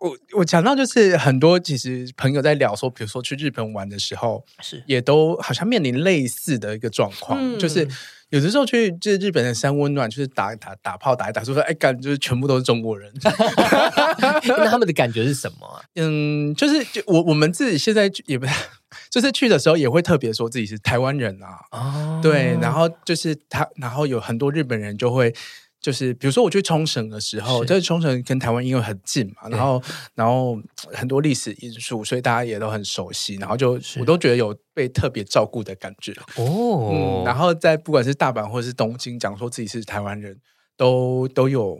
我我講到就是很多其實朋友在聊說，比如說去日本玩的時候，是也都好像面臨類似的一個狀況，嗯、就是。有的時候去，就是日本的三溫暖，就是打打打炮打一打，說說哎感覺就是全部都是中國人， 欸，那他們的感覺是什麼？嗯，就是就我我們自己現在也不太，就是去的時候也會特別說自己是台灣人啊，哦，對，然後就是他，然後有很多日本人就會。就是比如說我去沖繩的時候，在沖繩跟台灣因為很近嘛，然後然後很多歷史因素，所以大家也都很熟悉，然後就我都覺得有被特別照顧的感覺哦、嗯。然後在不管是大阪或是東京，講說自己是台灣人都都有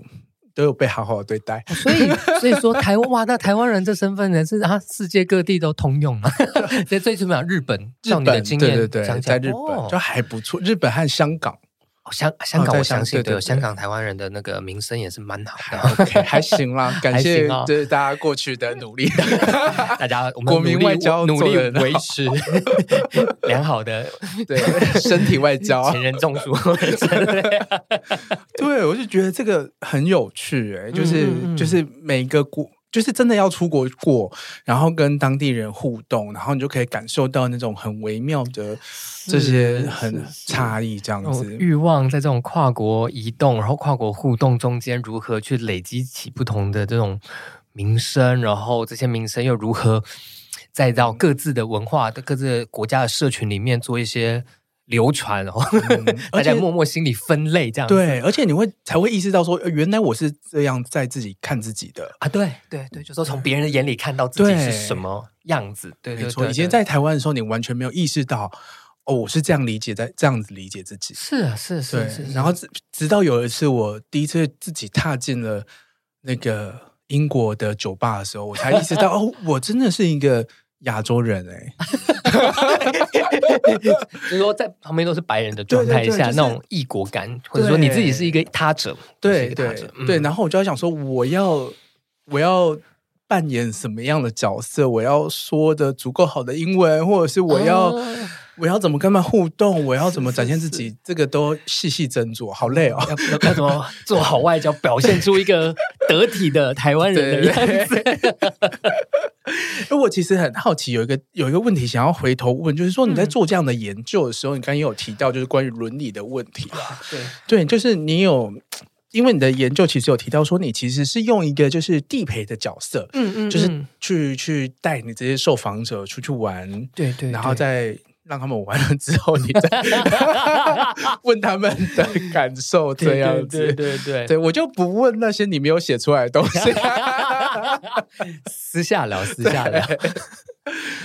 都有被好好的對待對的、嗯。所以所以說台灣哇，那台灣人這身份呢是啊，世界各地都通用啊。對 所以最起碼日本日本你經驗,對對對，想想在日本就還不錯，哦、日本和香港。香、哦、香港，我相信、啊、對，對，對，對香港台灣人的那個名聲也是蠻好的對對對，OK，還行啦。感謝就是、哦、大家過去的努力， 大家我們努力國民外交努力維持 良好的對身體外交， 前人種樹， 對，啊、對，我就覺得這個很有趣誒、欸，就是嗯嗯嗯就是每一個國。就是真的要出國過，然後跟當地人互動，然後你就可以感受到那種很微妙的這些、嗯、很差異，這樣子慾望在這種跨國移動，然後跨國互動中間如何去累積起不同的這種民生，然後這些民生又如何再到各自的文化、的各自的國家的社群裡面做一些。流傳哦、嗯，大家 默默心裡分類這樣子。對，而且你會才會意識到說，原來我是這樣在自己看自己的啊。對對對，就是說從別人的眼裡看到自己對是什麼樣子。對，對，沒錯。以前在台灣的時候，你完全沒有意識到哦，我是這樣理解，在這樣子理解自己。是啊，是是啊。然後直到有一次，我第一次自己踏進了那個英國的酒吧的時候，我才意識到 哦，我真的是一個。亞洲人哎、欸， 就是說在旁邊都是白人的狀態下，對對對就是、那種異國感，對或者說你自己是一個他者，對者對對、嗯、對。然後我就要想說，我要我要扮演什麼樣的角色？我要說的足夠好的英文，或者是我要。哦。我要怎麼跟他們互動？我要怎麼展現自己？是是是這個都細細斟酌，好累哦。要要，要，要怎麼做好外交，表現出一個得體的台灣人的樣子？哎 對對， 我其實很好奇，有一個有一個問題想要回頭問，就是說你在做這樣的研究的時候，嗯、你剛剛有提到就是關於倫理的問題吧？對對，就是你有因為你的研究其實有提到說，你其實是用一個就是地陪的角色，嗯，嗯嗯，就是去去帶你這些受訪者出去玩，對，對對，然後再。讓他們玩了之後，你再 問他們的感受這樣子。對對對，對，對，我就不問那些你沒有寫出來的東西。私下聊，私下聊。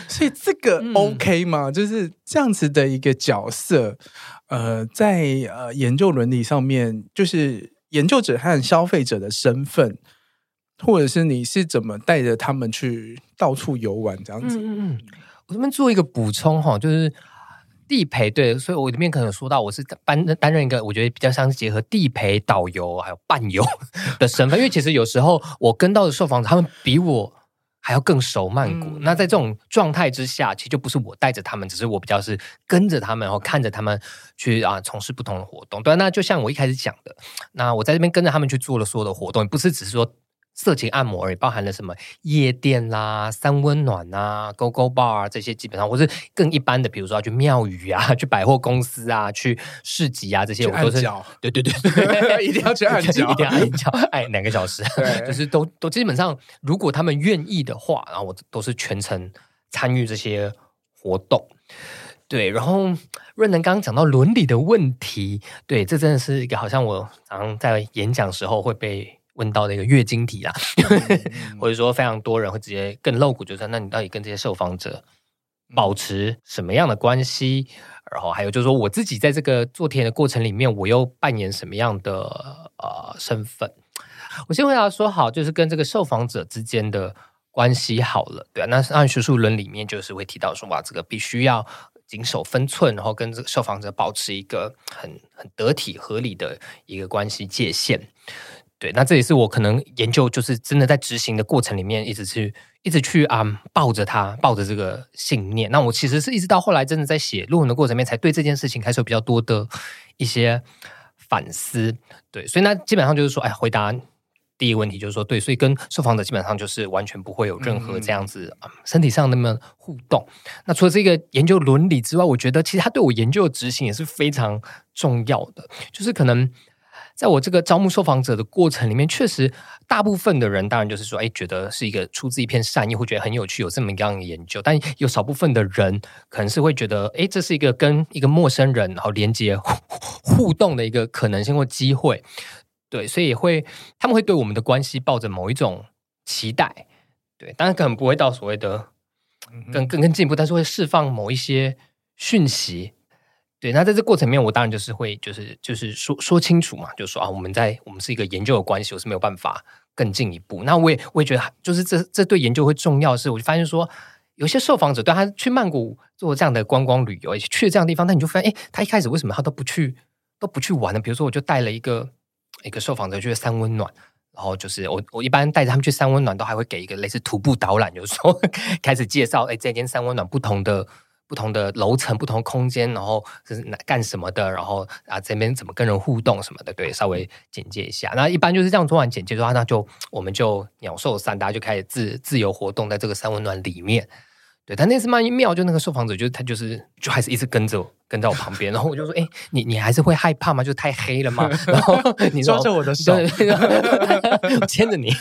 所以這個 OK 嗎？嗯、就是這樣子的一個角色，呃，在呃研究倫理上面，就是研究者和消費者的身份，或者是你是怎麼帶着他們去到處遊玩這樣子。嗯嗯嗯這邊做一個補充哈，就是地陪對，所以我裡面可能有說到我是擔擔任一個我覺得比較像是結合地陪導遊還有伴遊的身份， 因為其實有時候我跟到的受訪者他們比我還要更熟曼谷。嗯、那在這種狀態之下，其實就不是我帶着他們，只是我比較是跟着他們，然後看着他們去啊從事不同的活動。對，那就像我一開始講的，那我在這邊跟着他們去做了所有的活動，也不是只是說。色情按摩也包含了什麼夜店啦、啊、三溫暖啊、Go Go Bar、啊、這些，基本上或是更一般的，比如說要去廟宇啊、去百貨公司啊、去市集啊這些，按腳我都是對對對對， 一定要去按。按腳，一定要按腳哎，兩個小時對 就是都都基本上，如果他們願意的話，然後我都是全程參與這些活動。對，然後潤男剛剛講到倫理的問題，對，這真的是一個好像我常在演講時候會被。問到那個月經題啦， 或者說非常多人會直接更露骨，就說那你到底跟這些受訪者保持什麼樣的關係？然後還有就是說我自己在這個做田的過程裡面，我又扮演什麼樣的呃身份？我先回答說好，就是跟這個受訪者之間的關係好了，對啊，那按學術倫理面，就是會提到說哇，這個必須要謹守分寸，然後跟這個受訪者保持一個很很得體、合理的一個關係界限。對，那這也是我可能研究，就是真的在執行的過程裡面一，一直去一直去啊，抱着它，抱着這個信念。那我其實是一直到後來真的在寫論文的過程裡面，才對這件事情開始有比較多的一些反思。對，所以那基本上就是說，哎，回答第一個問題就是說，對，所以跟受訪者基本上就是完全不會有任何這樣子嗯嗯、嗯、身體上那麼互動。那除了這個研究倫理之外，我覺得其實他對我研究的執行也是非常重要的，就是可能。在我這個招募受訪者的過程裡面，確實大部分的人當然就是說，哎，覺得是一個出自一片善意，會覺得很有趣，有這麼一樣的研究。但有少部分的人可能是會覺得，哎，這是一個跟一個陌生人然後連接互動的一個可能性或機會，對，所以也會他們會對我們的關係抱着某一種期待，對，當然可能不會到所謂的更更更進一步，但是會釋放某一些訊息。對，那在這過程裡面，我當然就是會、就是，就是就是說說清楚嘛，就是說啊，我們在我們是一個研究的關係，我是沒有辦法更進一步。那我也我也覺得，就是這這對研究會重要。是，我就發現說，有些受訪者對他去曼谷做這樣的觀光旅遊，去這樣的地方，但你就發現，哎，他一開始為什麼他都不去都不去玩呢？比如說，我就帶了一個一個受訪者去三溫暖，然後就是我我一般帶着他們去三溫暖，都還會給一個類似徒步導覽，就是說，開始介紹，哎，這間三溫暖不同的。不同的樓層、不同空間，然後是干幹什麼的，然後啊，這邊怎麼跟人互動什麼的，對，稍微簡介一下。那一般就是這樣做完簡介之後，那就我們就鳥獸散，大家就開始自自由活動在這個三溫暖裡面。對，但那次蠻妙，就那個受訪者就他就是就還是一直跟着，我，跟在我旁邊。然後我就說，哎、 欸，你你還是會害怕嗎？就是、太黑了嗎？然後 你抓說着我的手對， 牽着你。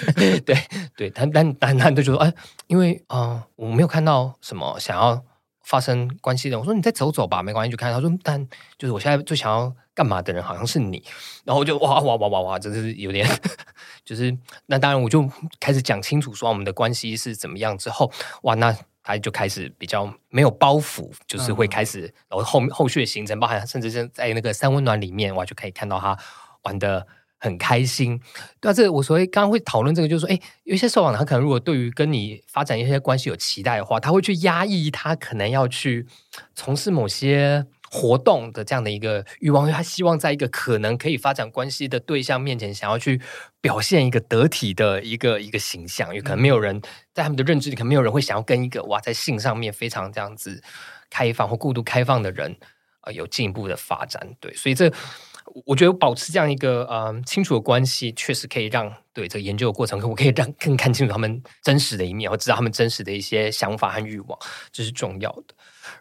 對對，但但但他就都說，哎、呃，因為啊、呃、我沒有看到什麼想要。發生關係的，我說你再走走吧，沒關係，就看。他說，但就是我現在最想要幹嘛的人好像是你，然後我就哇哇哇哇哇，真的是有點， 就是那當然我就開始講清楚說我們的關係是怎麼樣之後，哇，那他就開始比較沒有包袱，就是會開始，嗯嗯，然後後後續的行程，包含甚至是在那個三溫暖裡面，哇，就可以看到他玩的。很開心，但是、啊、這個、我所以、欸、剛剛會討論這個，就是說，誒，有一些受訪他可能如果對於跟你發展一些關係有期待的話，他會去壓抑他可能要去從事某些活動的這樣的一個慾望，因為他希望在一個可能可以發展關係的對象面前，想要去表現一個得體的一個一個形象，因為可能沒有人、嗯、在他們的認知裡，可能沒有人會想要跟一個哇，在性上面非常這樣子開放或過度開放的人啊、呃，有進一步的發展，對，所以這。我覺得保持這樣一個嗯、呃、清楚的關係，確實可以讓對這個研究的過程，我可以讓更看清楚他們真實的一面，我知道他們真實的一些想法和慾望，這是重要的。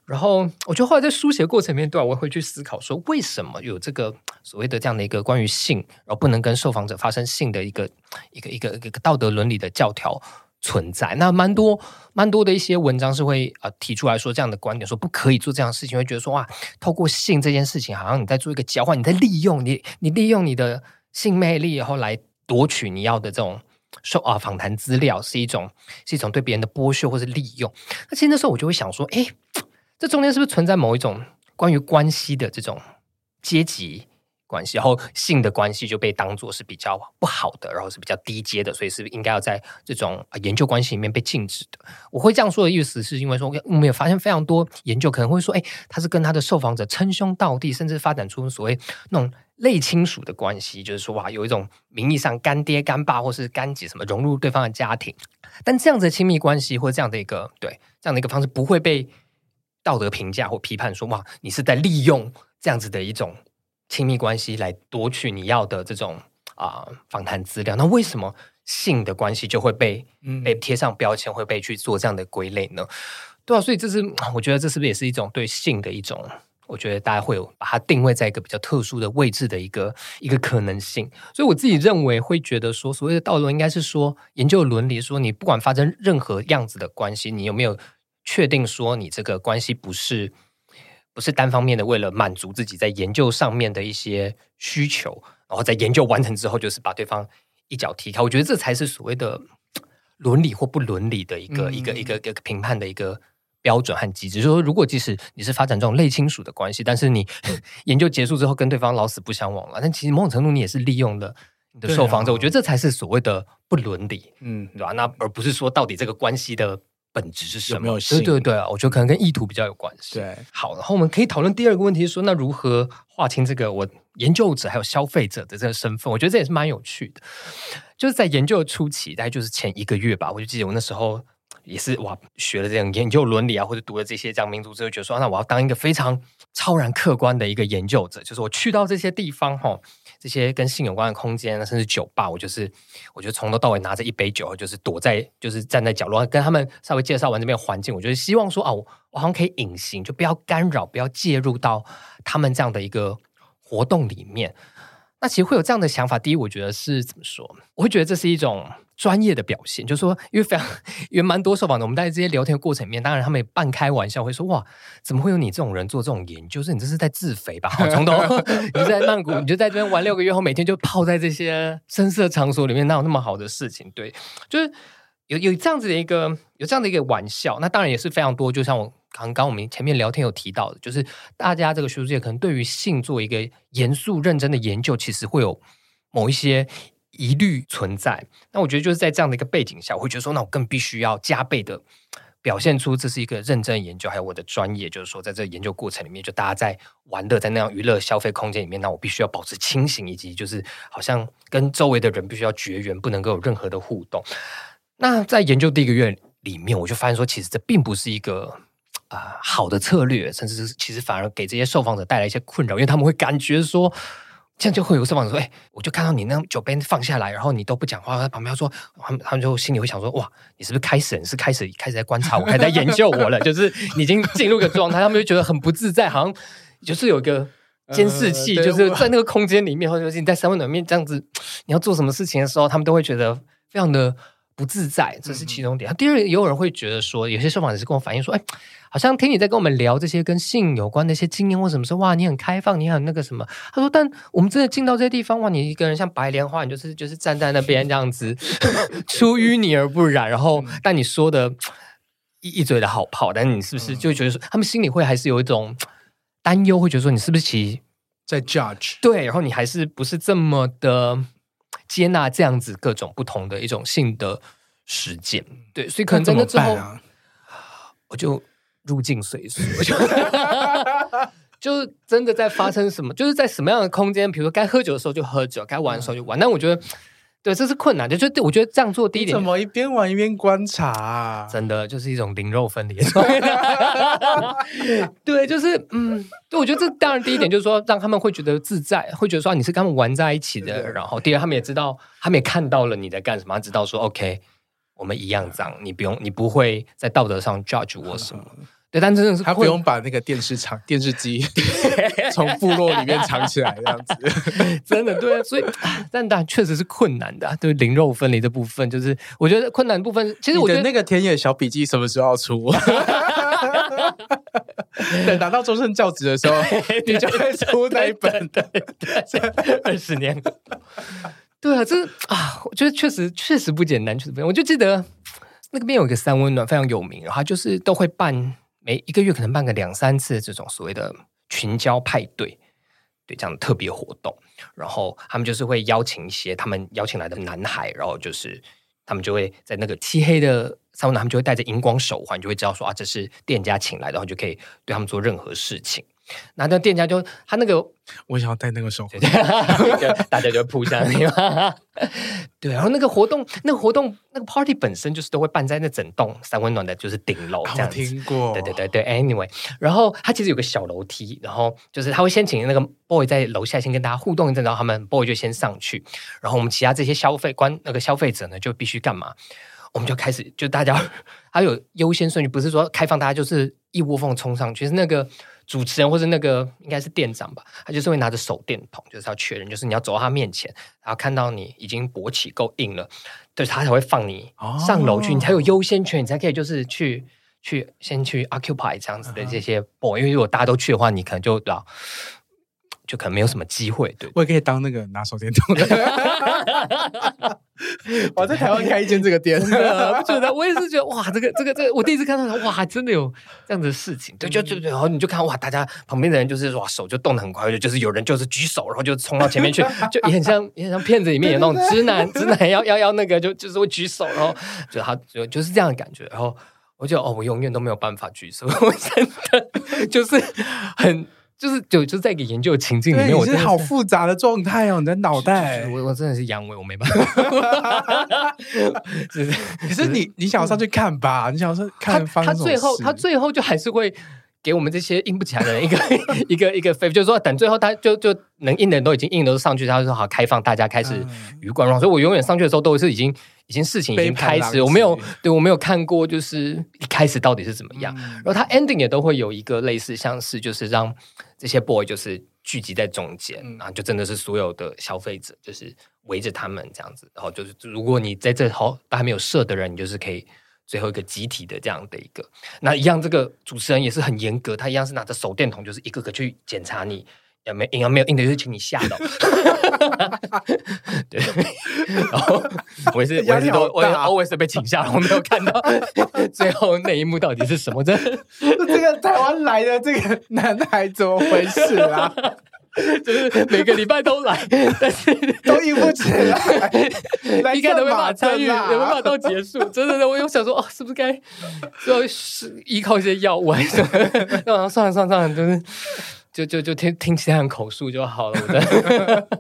然後我覺得後來在書寫過程面對，我會去思考說，為什麼有這個所謂的這樣的一個關於性，然後不能跟受訪者發生性的一個一個一個一個，一個道德倫理的教條。存在那蠻多蠻多的一些文章是會啊、呃，提出來說這樣的觀點，說不可以做這樣的事情，會覺得說哇、啊，透過性這件事情，好像你在做一個交換，你在利用你你利用你的性魅力，然後來奪取你要的這種說啊訪談資料，是一種是一種對別人的剝削或是利用。那其實那時候我就會想說，誒，這中間是不是存在某一種關於關係的這種階級？關係，然後性的關係就被當做是比較不好的，然後是比較低階的，所以是應該要在這種研究關係裡面被禁止的。我會這樣說的意思，是因為說我們有發現非常多研究可能會說，哎，他是跟他的受訪者稱兄道弟，甚至發展出所謂那種類親屬的關係，就是說哇，有一種名義上乾爹、乾爸或是乾姐什麼融入對方的家庭。但這樣子的親密關係或這樣的一個對這樣的一個方式，不會被道德評價或批判說，說哇，你是在利用這樣子的一種。親密關係來奪取你要的這種啊、呃、訪談資料，那為什麼性的關係就會被、嗯、被貼上標籤，會被去做這樣的歸類呢？對啊，所以這是我覺得這是不是也是一種對性的一種，我覺得大家會有把它定位在一個比較特殊的位置的一個一個可能性。所以我自己認為會覺得說，所謂的道德，應該是說研究倫理說，說你不管發生任何樣子的關係，你有沒有確定說你這個關係不是。不是單方面的為了滿足自己在研究上面的一些需求，然後在研究完成之後就是把對方一腳踢開。我覺得這才是所謂的倫理或不倫理的一個嗯嗯一個一個一個評判的一個標準和機制。就是，說如果即使你是發展這種類親屬的關係，但是你，嗯、研究結束之後跟對方老死不相往了，但其實某種程度你也是利用了你的受訪者。啊，我覺得這才是所謂的不倫理，嗯，對吧？那而不是說到底這個關係的。本質是什麼？對對對啊，我覺得可能跟意圖比較有關係。對，好，然後我們可以討論第二個問題，是說那如何劃清這個我研究者還有消費者的這個身份？我覺得這也是蠻有趣的。就是在研究的初期，大概就是前一個月吧，我就記得我那時候也是哇，學了這樣研究倫理啊，或者讀了這些這樣民族志，就覺得說，那我要當一個非常超然客觀的一個研究者，就是我去到這些地方這些跟性有關的空間，甚至酒吧，我就是，我就從頭到尾拿着一杯酒，就是躲在，就是站在角落，跟他們稍微介紹完這邊的環境，我就是希望說，哦、啊，我好像可以隱形，就不要干擾，不要介入到他們這樣的一個活動裡面。那其實會有這樣的想法，第一，我覺得是怎麼說？我會覺得這是一種專業的表現，就是說，因為非常因為蠻多受訪者，我們在這些聊天的過程裡面，當然他們也半開玩笑會說：“哇，怎麼會有你這種人做這種研究？就是你這是在自肥吧？好從頭， 你在曼谷，你就在這邊玩六個月後，每天就泡在這些聲色場所裡面，哪有那麼好的事情？對，就是有有這樣子的一個有這樣的一個玩笑。那當然也是非常多，就像我。剛剛我們前面聊天有提到的，就是大家這個學術界可能對於性做一個嚴肅認真的研究，其實會有某一些疑慮存在。那我覺得就是在這樣的一個背景下，我會覺得說，那我更必須要加倍的表現出這是一個認真研究，還有我的專業，就是說在這個研究過程裡面，就大家在玩樂，在那樣娛樂消費空間裡面，那我必須要保持清醒，以及就是好像跟周圍的人必須要絕緣，不能夠有任何的互動。那在研究第一個月裡面，我就發現說，其實這並不是一個。啊、呃，好的策略，甚至是其實反而給這些受訪者帶來一些困擾，因為他們會感覺說，這樣就會有個受訪者說：“哎，我就看到你那酒杯放下來，然後你都不講話。”旁邊要說，他們他們就心裡會想說：“哇，你是不是開始，你是開始開始在觀察我，開始在研究我了？ 就是你已經進入個狀態。” 他們就覺得很不自在，好像就是有一個監視器，呃、就是在那個空間裡面，我 或者是你在三溫暖面這樣子，你要做什麼事情的時候，他們都會覺得非常的。不自在，這是其中點。嗯嗯。第二，也有，有人會覺得說，有些受訪者是跟我反映說：“哎，好像聽你在跟我們聊這些跟性有關的一些經驗或什麼說，哇，你很開放，你很那個什麼。”他說：“但我們真的進到這些地方，哇，你一個人像白蓮花，你就是就是站在那邊這樣子， 出淤泥而不染。然後，嗯、但你說的一一嘴的好泡，但你是不是就覺得說，他們心裡會還是有一種擔憂，會覺得說，你是不是其在 judge？對，然後你還是不是這麼的？”接納這樣子各種不同的一種性的實踐，對，所以可能真的之後，我就入境隨俗，就是 真的在發生什麼，就是在什麼樣的空間，比如說該喝酒的時候就喝酒，該玩的時候就玩，但、嗯、我覺得。對，這是困難。就就對，我覺得這樣做第一點、就是，你怎麼一邊玩一邊觀察、啊？真的就是一種靈肉分離。 對，就是嗯，我覺得這當然第一點就是說，讓他們會覺得自在，會覺得說、啊、你是跟他們玩在一起的。對對，然後第二，他們也知道，他們也看到了你在幹什麼，他知道說 OK，我們一樣髒，你不用，你不會在道德上 judge 我什麼。 但真的是他不用把那個電視藏 電視機從部落裡面藏起來這樣子， 真的對啊，所以、啊、但但確實是困難的、啊，對靈肉分離的部分，就是我覺得困難的部分，其實我覺得的那個田野小筆記什麼時候出？ 等拿到終身教職的時候， 你就會出那一本， 對，對，對，對對，二十年。對啊，這啊，我覺得確實確實不簡單，確實不簡單。我就記得那個邊有一個三溫暖非常有名，然後就是都會辦。每一個月可能辦個兩三次這種所謂的群交派對，對這樣的特別活動，然後他們就是會邀請一些他們邀請來的男孩，然後就是他們就會在那個漆黑的上面他們就會戴着熒光手環，就會知道說啊，這是店家請來，然後就可以對他們做任何事情。然後店家就他那個，我想要戴那個手， 大家就撲下你嘛。對，然後那個活動，那個活動，那個 party 本身就是都會辦在那整棟三溫暖的，就是頂樓這樣子。我聽過。對對對對，anyway，然後他其實有個小樓梯，然後就是他會先請那個 boy 在樓下先跟大家互動一陣，然後他們 boy 就先上去，然後我們其他這些消費官那個消費者呢就必須幹嘛？我們就開始就大家還有優先順序，不是說開放大家就是一窩蜂衝上去，就是那個。主持人或者那個應該是店長吧，他就是會拿着手電筒，就是要確認，就是你要走到他面前，然後看到你已經勃起夠硬了，對他才會放你上樓去，你才有優先權，你才可以就是去去先去 occupy 這樣子的這些 boy 因為如果大家都去的話，你可能就老。就可能沒有什麼機會，對。我也可以當那個拿手電筒的。我在台灣開 一間這個店，不是，真我也是覺得，哇，這個，這個，這個，我第一次看到，哇，真的有這樣的事情。對，就就，就然後你就看，哇，大家旁邊的人就是哇，手就動的很快，就是有人就是舉手，然後就衝到前面去， 就也很像也很像片子裡面也那種直男直 男要要要那個，就就是會舉手，然後就他就是、就，就是這樣的感覺，然後我就哦，我永遠都沒有辦法舉手，我 真的就是很。就是就就在一個研究的情境裡面，我覺得好複雜的狀態哦，你的腦袋，我我真的是陽痿，我沒辦法。可是你你想要上去看吧，你想要說看他最後他最後就還是會給我們這些硬不起來的人一個一個一個 favor 就是說等最後他就就能硬的人都已經硬都上去，他就說好開放，大家開始魚貫入。然後所以我永遠上去的時候都是已經已經事情已經開始，我沒有對我沒有看過，就是一開始到底是怎麼樣。然後他 ending 也都會有一個類似相似，就是讓。這些 boy 就是聚集在中間，嗯、然後就真的是所有的消費者就是圍着他們這樣子，然後就是如果你在這都、哦、還沒有射的人，你就是可以最後一個集體的這樣的一個，那一樣這個主持人也是很嚴格，他一樣是拿着手電筒，就是一個個去檢查你。有沒有硬啊，沒有硬的，就是請你下樓。對，然後我也是我也是都我也 always 被請下，我沒有看到最後那一幕到底是什麼？這這個台灣來的這個男孩怎麼回事啊？就是每個禮拜都來，但是都硬不起來，應該都沒辦法參與也沒辦法到結束。真的，我有想說，哦，是不是該要依靠一些藥物啊？那我說算了，算了算了，就是。就就就聽聽其他人口述就好了，我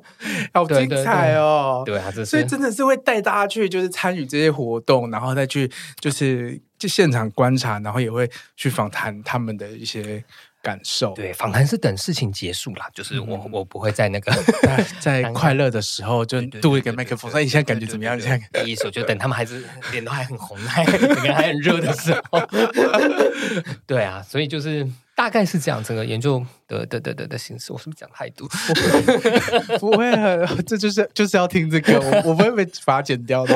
好精彩哦！對啊，所以真的是會帶大家去，就是參與這些活動，然後再去就是就現場觀察，然後也會去訪談他們的一些感受。對，訪談是等事情結束啦，就是我我不會在那個在快樂的時候就度一個麥克風，那你現在感覺怎麼樣？現在第一手就等他們還是臉都還很紅，還整個還很熱的時候。對啊，所以就是。大概是這樣，整個研究的的的的、的形式，我是不是講太多？ 不會很，不這就是就是要聽這個，我我不會被把它剪掉的。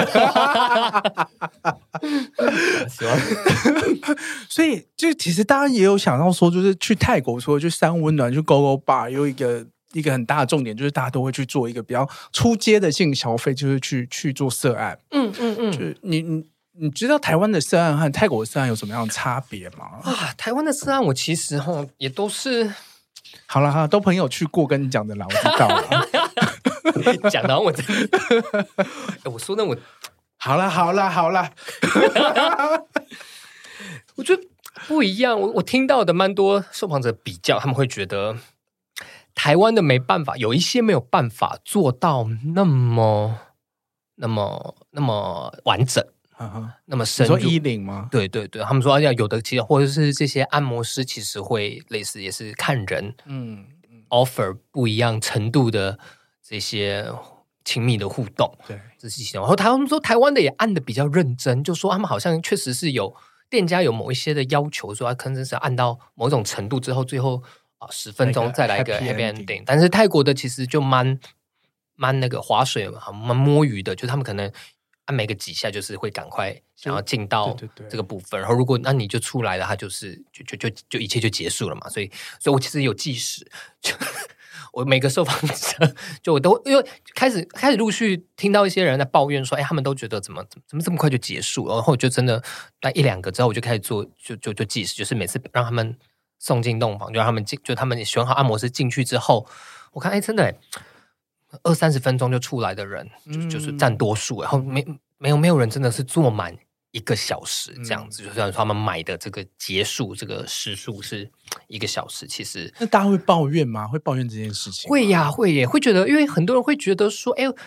喜歡。所以，就其實大家也有想到說，就是去泰國說，就三溫暖，就 Go Go Bar，有一個一個很大的重點，就是大家都會去做一個比較初階的性消費，就是去去做色按、嗯。嗯嗯嗯，就你。你知道台灣的色按和泰國的色按有什麼樣的差別嗎？啊，台灣的色按我其實哈也都是好了哈，都朋友去過跟你講的啦， 我知道。講 到我真的、欸、我說那我好了好了好了， 我覺得不一樣。我我聽到的蠻多受訪者比較，他們會覺得台灣的沒辦法，有一些沒有辦法做到那麼那麼那麼完整。Uh-huh, 那麼深入，衣領嗎？對對對，他們說，而且有的其實或者是這些按摩師其實會類似也是看人，嗯，offer 不一樣程度的這些親密的互動，對，這些情況。然後他們說，台灣的也按的比較認真，就說他們好像確實是有店家有某一些的要求，說他可能是要按到某種程度之後，最後啊十分鐘再來一個 ending 但是泰國的其實就蠻蠻那個划水嘛，蠻摸魚的，就是、他們可能。按、啊、每個幾下就是會趕快想要進到這個部分，然後如果那你就出來了，它就是就就就就一切就結束了嘛。所以，所以我其實有計時，就我每個受訪者，就我都因為開始開始陸續聽到一些人在抱怨說，哎，他們都覺得怎麼怎麼怎麼這麼快就結束了，然後就真的那一兩個之後，我就開始做，就就就計時，就是每次讓他們送進洞房，就讓他們進，就他們選好按摩師進去之後，我看，哎，真的、哎二三十分鐘就出來的人，就、嗯、就是佔多數，然後沒沒有沒有人真的是坐滿一個小時這樣子，嗯、就算是他們買的這個結束這個時數是一個小時，其實那大家會抱怨嗎？會抱怨這件事情？會呀、啊，會耶，會覺得，因為很多人會覺得說，哎喲，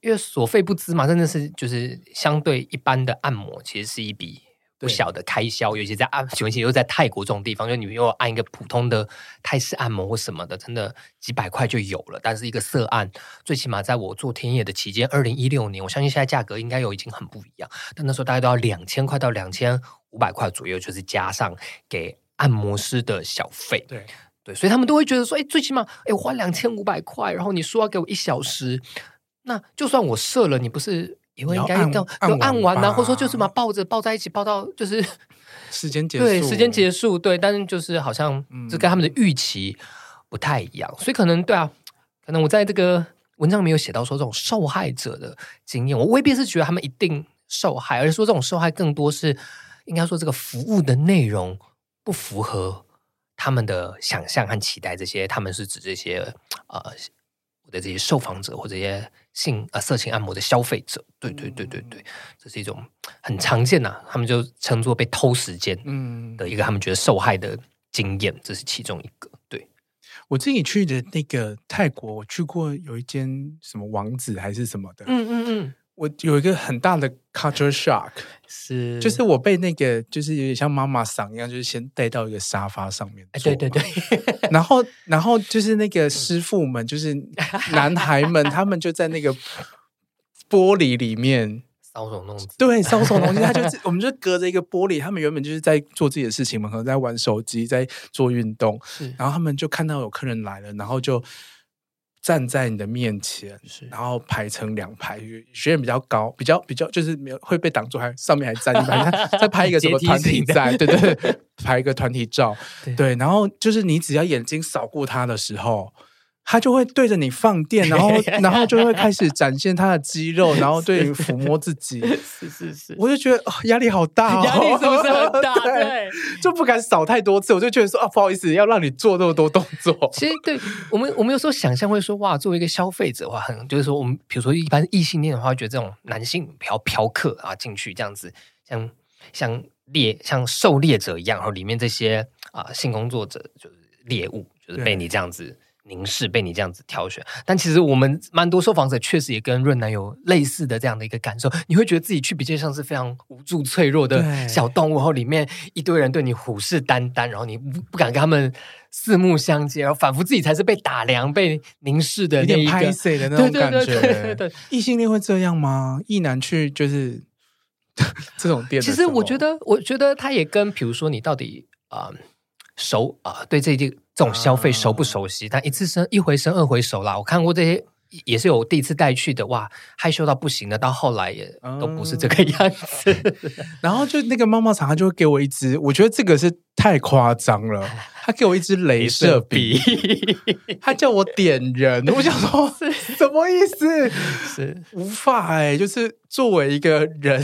因為所費不知嘛，真的是就是相對一般的按摩，其實是一筆。對不小的開銷，尤其在按，尤其又在泰國這種地方，就你又按一個普通的泰式按摩或什麼的，真的幾百塊就有了。但是一個色按，最起碼在我做田野的期間，二零一六年，我相信現在價格應該有已經很不一樣。但那時候大概都要兩千塊到兩千五百塊左右，就是加上給按摩師的小費。對對，所以他們都會覺得說，哎、欸，最起碼，哎、欸，我花兩千五百塊，然後你說要給我一小時，那就算我射了，你不是？應該就按完，然後說就是把抱着抱在一起，抱到就是時間結束。對，時間結束。對，但是就是好像這跟他們的預期不太一樣，嗯，所以可能對啊，可能我在這個文章沒有寫到說這種受害者的經驗，我未必是覺得他們一定受害，而是說這種受害更多是應該說這個服務的內容不符合他們的想象和期待，這些他們是指這些呃，我的這些受訪者或這些。性啊、呃，色情按摩的消費者，對對對對對，嗯、這是一種很常見的、啊，他們就稱作被偷時間，嗯，的一個他們覺得受害的經驗，嗯、這是其中一個。對，我自己去的那個泰國，我去過有一間什麼王子還是什麼的，嗯嗯嗯。嗯嗯我有一個很大的 culture shock，是就是我被那個就是有點像媽媽桑一樣，就是先帶到一個沙發上面。哎、對對對， 然後然後就是那個師傅們，嗯、就是男孩們， 他們就在那個玻璃裡面搔首弄姿，對搔首弄姿，他就，他就 我們就隔着一個玻璃，他們原本就是在做自己的事情嘛，可能在玩手機，在做運動，是然後他們就看到有客人來了，然後就。站在你的面前，是然後排成兩排，學院比較高，比較比較就是沒有會被擋住，還上面還站一 排，再拍一個什麼團體站，對 對對，拍一個團體照，對，對，然後就是你只要眼睛掃過他的時候。他就會對着你放電，然後 然後就會開始展現他的肌肉，然後對於撫摸自己。 是是是、是，我就覺得、哦、壓力好大哦，壓力怎麼這麼大？ 對，對就不敢掃太多次，我就覺得說啊，不好意思，要讓你做那麼多動作。其實對，對我們我們有時候想象會說，哇，作為一個消費者的話，很就是說，我們比如說一般異性戀的、的話，覺得這種男性嫖嫖客啊進去這樣子，像像獵像狩獵者一樣，然後裡面這些啊、呃、性工作者就是獵物，就是被你這樣子。凝視被你這樣子挑選，但其實我們蠻多受訪者確實也跟潤男有類似的這樣的一個感受。你會覺得自己去比較像是非常無助脆弱的小動物，對然後裡面一堆人對你虎視眈眈，然後你不敢跟他們四目相接，然後仿佛自己才是被打量、被凝視的那一個拍的那種感覺。異性戀會這樣嗎？異男去就是 這種變？其實我覺得，我覺得他也跟比如說你到底啊、呃、熟啊、呃、對這些。這種消費熟不熟悉？啊嗯、但一次生，一回生二回熟啦。我看過這些，也是有第一次帶去的，哇，害羞到不行的。到後來也都不是這個樣子。嗯、 然後就那個貓貓常常就會給我一支。我覺得這個是太誇張了。他給我一支雷射筆，他叫我點人，我想說什麼意思？是無法哎，就是作為一個人，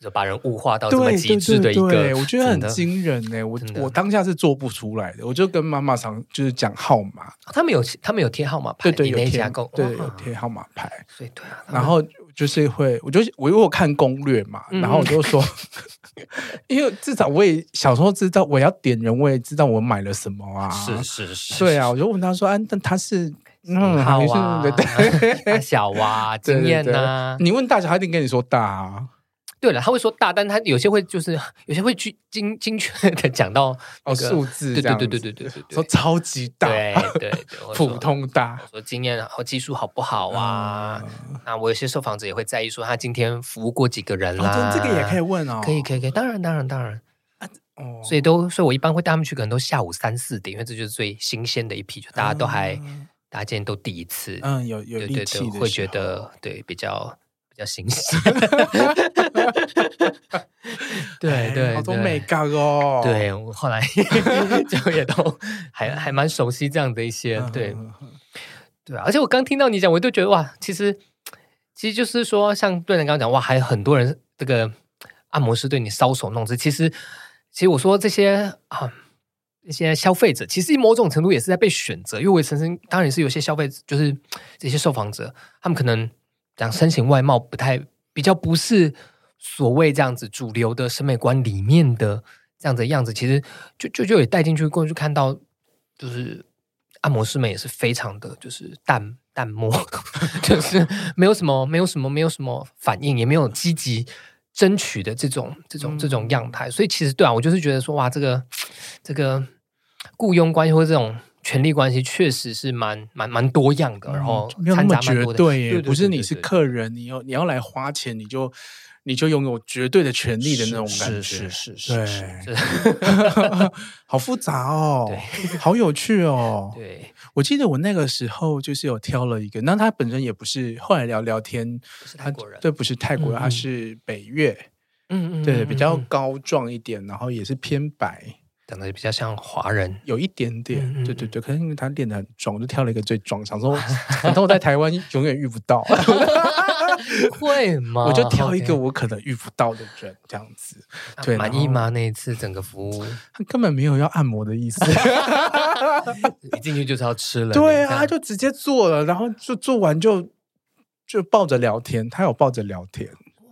就把人物化到這麼極致的一個，我覺得很驚人哎，我我當下是做不出來的。我就跟媽媽常就是講號碼，他們有他們有貼號碼牌，對對有貼加對有貼號碼牌，所以對啊，然後。就是會，我就我又有看攻略嘛，嗯、然後我就說， 因為至少我也小時候知道我要點人，我也知道我買了什麼啊。是是是，是，對啊，我就問他說，啊，但他是嗯，好娃，對對對，小哇、啊，經驗呢？你問大小，他一定跟你說大啊。對了，他會說大，但他有些會就是有些會去精精確的講到、那個、哦數字，對對對對對對對，說超級大，對對，對對，普通大。說經驗、然後技術好不好啊？哇嗯、那我有些受訪者也會在意，說他今天服務過幾個人啦，哦、這個也可以問哦，可以可以可以，當然當然當然啊、哦所，所以都所以，我一般會帶他們去，可能都下午三四點，因為這就是最新鮮的一批，就大家都還、嗯、大家今天都第一次，嗯，有有力氣，對對對力氣的會覺得對比較。比較形式，對對，好多美感哦。對，我後來 就也都還還蠻熟悉這樣的一些對對。而且我剛聽到你講，我都覺得哇，其實其實就是說，像對長剛剛講，哇，還有很多人這個按摩師對你搔首弄姿。其實，其實我說這些啊，一些消費者其實某種程度也是在被選擇，因為我曾經當然是有些消費者，就是這些受訪者，他們可能。這樣身形外貌不太比較不是所謂這樣子主流的審美觀裡面的這樣子的樣子，其實就就就也帶進去過去看到，就是按摩師們也是非常的就是淡淡漠， 就是沒有什麼沒有什麼沒有什麼反應，也沒有積極爭取的這種這種、嗯、這種樣態。所以其實對啊，我就是覺得說哇，這個這個僱傭關係或這種。權力關係確實是蠻蠻蠻多樣的，然後沒有那麼絕對，對，不是你是客人，你要你要來花錢，你就你就擁有絕對的權利的那種感覺，是是是是，好複雜哦！好有趣哦！對，我記得我那個時候就是有挑了一個，那他本身也不是，後來聊聊天，不是泰國人，對，不是泰國，他是北越，嗯嗯，對，比較高壯一點，然後也是偏白。長得比較像華人，有一點點，對對對，可能因為他練得很壯，我就挑了一個最壯，想說，反正我在台灣永遠遇不到，會嗎？我就挑一個我可能遇不到的人，這樣子，對，滿意嗎？那一次整個服務，他根本沒有要按摩的意思，一進去就是要吃了，對啊，他就直接做了，然後就做完就就抱着聊天，他有抱着聊天，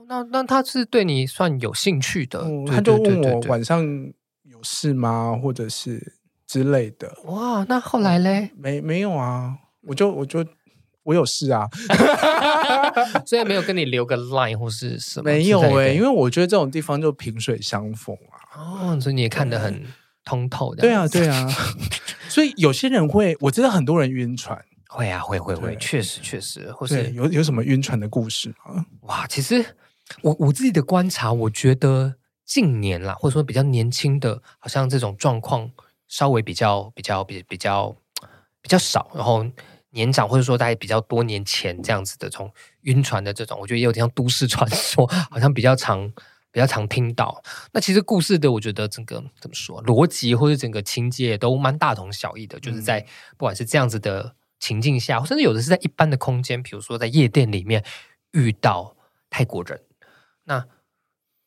那那他是對你算有興趣的，他就問我晚上。有事嗎？或者是之類的？哇，那後來嘞、嗯？沒沒有啊？我就我就我有事啊， 所以沒有跟你留個 line 或是什麼？沒有哎、欸，因為我覺得這種地方就萍水相逢啊。哦，所以你也看得很通透、嗯。對啊，對啊。 所以有些人會，我知道很多人暈船， 會啊，會會會，確實確實。或是有有什麼暈船的故事啊。哇，其實我我自己的觀察，我覺得。近年啦，或者說比較年輕的，好像這種狀況稍微比較比較比比較比較少。然後年長或者說大概比較多年前這樣子的，這種暈船的這種，我覺得也有點像都市傳說，好像比較常比較常聽到。那其實故事的，我覺得整個怎麼說邏輯或者整個情節都蠻大同小異的，嗯、就是在不管是這樣子的情境下，甚至有的是在一般的空間，比如說在夜店裡面遇到泰國人，那。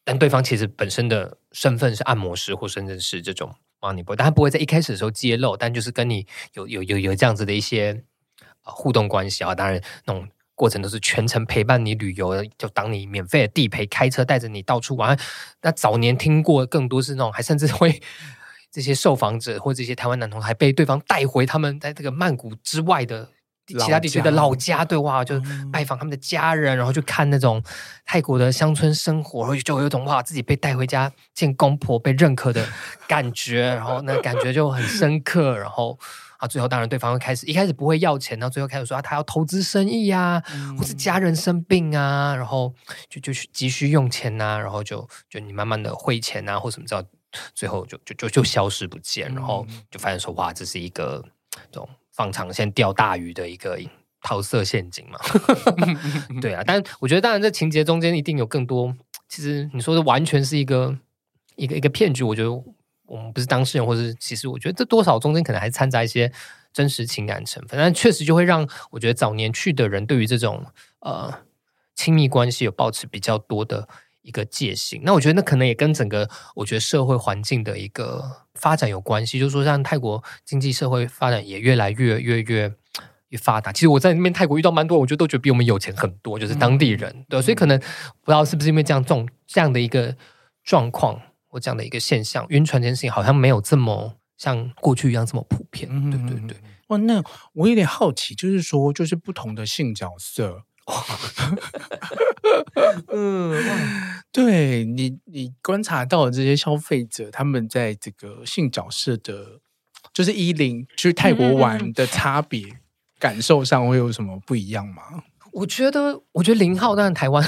但對方其實本身的身份是按摩師，或甚至是這種 money boy，但他不會在一開始的時候揭露，但就是跟你有有有有這樣子的一些互動關係啊。當然，那種過程都是全程陪伴你旅遊，就當你免費的地陪，開車帶着你到處玩，啊。那早年聽過更多是那種，還甚至會這些受訪者或這些台灣男同，還被對方帶回他們在這個曼谷之外的其他地區的老家，老家對，哇，就拜訪他們的家人，嗯、然後去看那種泰國的鄉村生活，然後就有種哇，自己被帶回家見公婆被認可的感覺， 然後那感覺就很深刻。 然後啊，最後當然對方會開始，一開始不會要錢，到最後開始說、啊、他要投資生意啊。嗯、或是家人生病啊，然後就就是急需用錢吶、啊，然後就就你慢慢的匯錢啊，或什麼之後，最後就就就就消失不見，然後就發現說哇，這是一個這種。放長線釣大魚的一個桃色陷阱嘛， 對啊。但我覺得，當然在情節中間一定有更多。其實你說的完全是一個一個一個騙局。我覺得我們不是當事人，或者其實我覺得這多少中間可能還摻雜一些真實情感成分。但確實就會讓我覺得早年去的人對於這種呃親密關係有抱持比較多的。一個界限，那我覺得那可能也跟整個我覺得社會環境的一個發展有關係。就是說，像泰國經濟社會發展也越來越越越越發達。其實我在那邊泰國遇到蠻多，我覺得都覺得比我們有錢很多，就是當地人、嗯、對。嗯、所以可能不知道是不是因為這樣這種這樣的一個狀況或這樣的一個現象，暈船這件事情好像沒有這麼像過去一樣這麼普遍。嗯、對對對，哇，那我有點好奇，就是說，就是不同的性角色， 嗯，對你，你觀察到的這些消費者，他們在這個性角色的，就是一零去泰國玩的差別、嗯、感受上，會有什麼不一樣嗎？我覺得，我覺得零號當然台灣，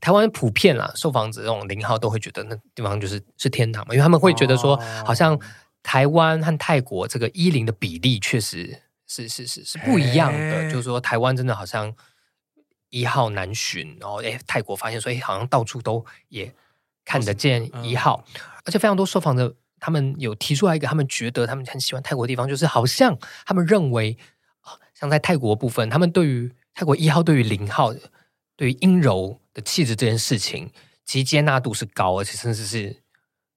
台灣普遍啦，受訪者這種零號都會覺得那地方就是是天堂嘛，因為他們會覺得說，哦、好像台灣和泰國這個一零的比例確實是是是是，是不一樣的，嘿就是說台灣真的好像。一號難尋，然後哎，泰國發現說，哎，好像到處都也看得見一號，嗯、而且非常多受訪者，他們有提出來一個，他們覺得他們很喜歡泰國的地方，就是好像他們認為、哦、像在泰國部分，他們對於泰國一號，號，對於零號，對於陰柔的氣質這件事情，其接納度是高，而且甚至是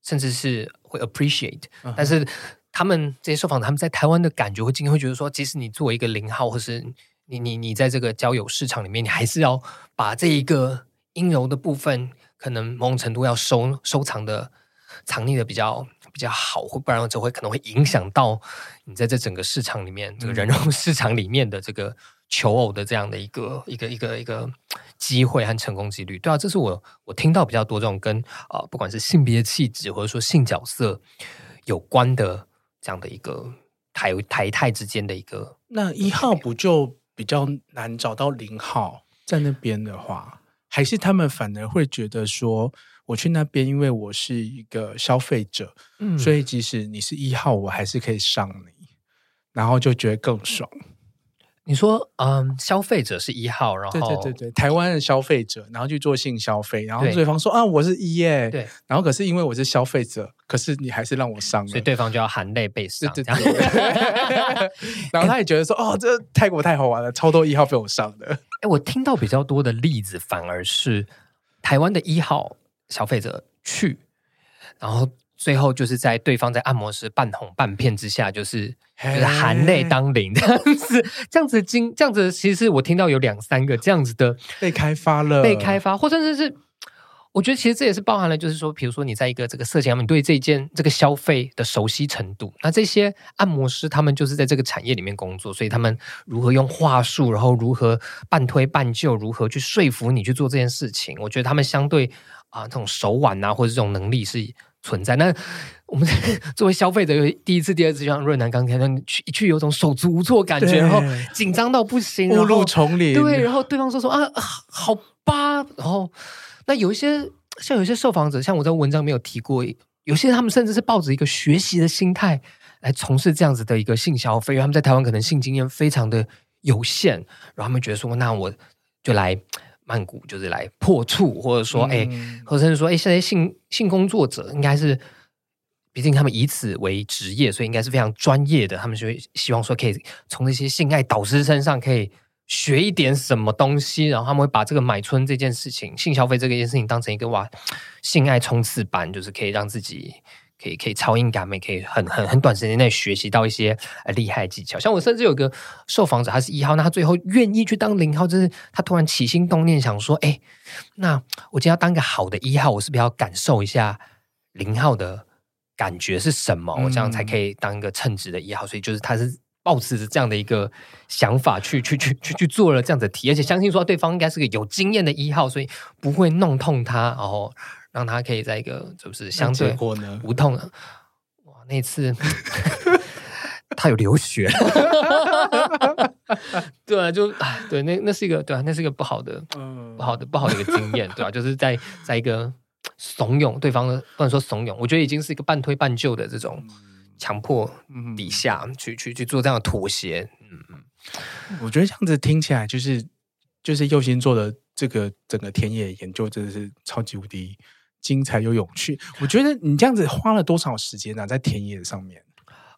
甚至是會 appreciate、嗯、哼但是他們這些受訪者，他們在台灣的感覺會經常會覺得說，即使你做一個零號，或是你你你在這個交友市場裡面，你還是要把這一個陰柔的部分，可能某種程度要收收藏的、藏匿的比較比較好，或不然就會可能會影響到你在這整個市場裡面，嗯、這個人肉市場裡面的這個求偶的這樣的一個、嗯、一個一個一個機會和成功幾率。對啊，這是我我聽到比較多這種跟啊、呃，不管是性別氣質或者說性角色有關的這樣的一個台台泰之間的一個那一號不就。比較難找到零號在那邊的話，還是他們反而會覺得說，我去那邊，因為我是一個消費者，嗯，所以即使你是一號，我還是可以上你，然後就覺得更爽。你說，嗯，消費者是一號，然後對對對對，台灣的消費者，然後去做性消費，然後對方說對啊，我是一耶、欸，對，然後可是因為我是消費者。.可是你還是讓我上，所以對方就要含淚被上。然後他也覺得說：“欸、哦，這泰國太好玩了，超多一號被我上的。”哎，我聽到比較多的例子，反而是台灣的一號消費者去，然後最後就是在對方在按摩師半哄半騙之下，就是就是含淚當零、欸、這樣子，這樣子經這樣子，其實我聽到有兩三個這樣子的被開發了，被開發了，或甚至是，是。我覺得其實這也是包含了，就是說，比如說你在一個這個色情上面，你對這件這個消費的熟悉程度，那這些按摩師他們就是在這個產業裡面工作，所以他們如何用話術，然後如何半推半就，如何去說服你去做這件事情，我覺得他們相對啊，這種手腕啊，或者這種能力是存在。那我們作為消費者，第一次、第二次，就像潤男剛才說，去去有種手足無措的感覺，對然後緊張到不行，誤入叢林。對，然後對方說說啊，好吧，然後。那有一些像有些受訪者，像我在文章沒有提過，有些他們甚至是抱着一個學習的心態來從事這樣子的一個性消費，他們在台灣可能性經驗非常的有限，然後他們覺得說，那我就來曼谷，就是來破處，或者說，哎、欸，嗯、或者是說，哎、欸，現在性性工作者應該是，畢竟他們以此為職業，所以應該是非常專業的，他們就會希望說，可以從那些性愛導師身上可以。學一點什麼東西，然後他們會把這個買春這件事情、性消費這一件事情當成一個哇，性愛衝刺班，就是可以讓自己可以可以超英趕美,可以很很很短時間內學習到一些厲害技巧。像我甚至有個受訪者，他是一號，那他最後願意去當零號，就是他突然起心動念想說，哎，那我今天要當一個好的一號，我是不是要感受一下零號的感覺是什麼，嗯、我這樣才可以當一個稱職的一號，所以就是他是。抱持着這樣的一個想法去，去去去去去做了這樣子的題，而且相信說對方應該是個有經驗的一號，所以不會弄痛他，然後讓他可以在一個就是相對無痛的。哇，那次 他有流血，對啊，就對，那那是一個對啊，那是一個不好的、嗯、不好的、不好的一個經驗，對吧、啊？就是在在一個慫恿對方，不能說慫恿，我覺得已經是一個半推半就的這種。嗯強迫底下、嗯、去去去做這樣的妥協，嗯嗯，我覺得這樣子聽起來就是就是又欣做的這個整個田野研究真的是超級無敵精彩又有趣。我覺得你這樣子花了多少時間呢、啊？在田野上面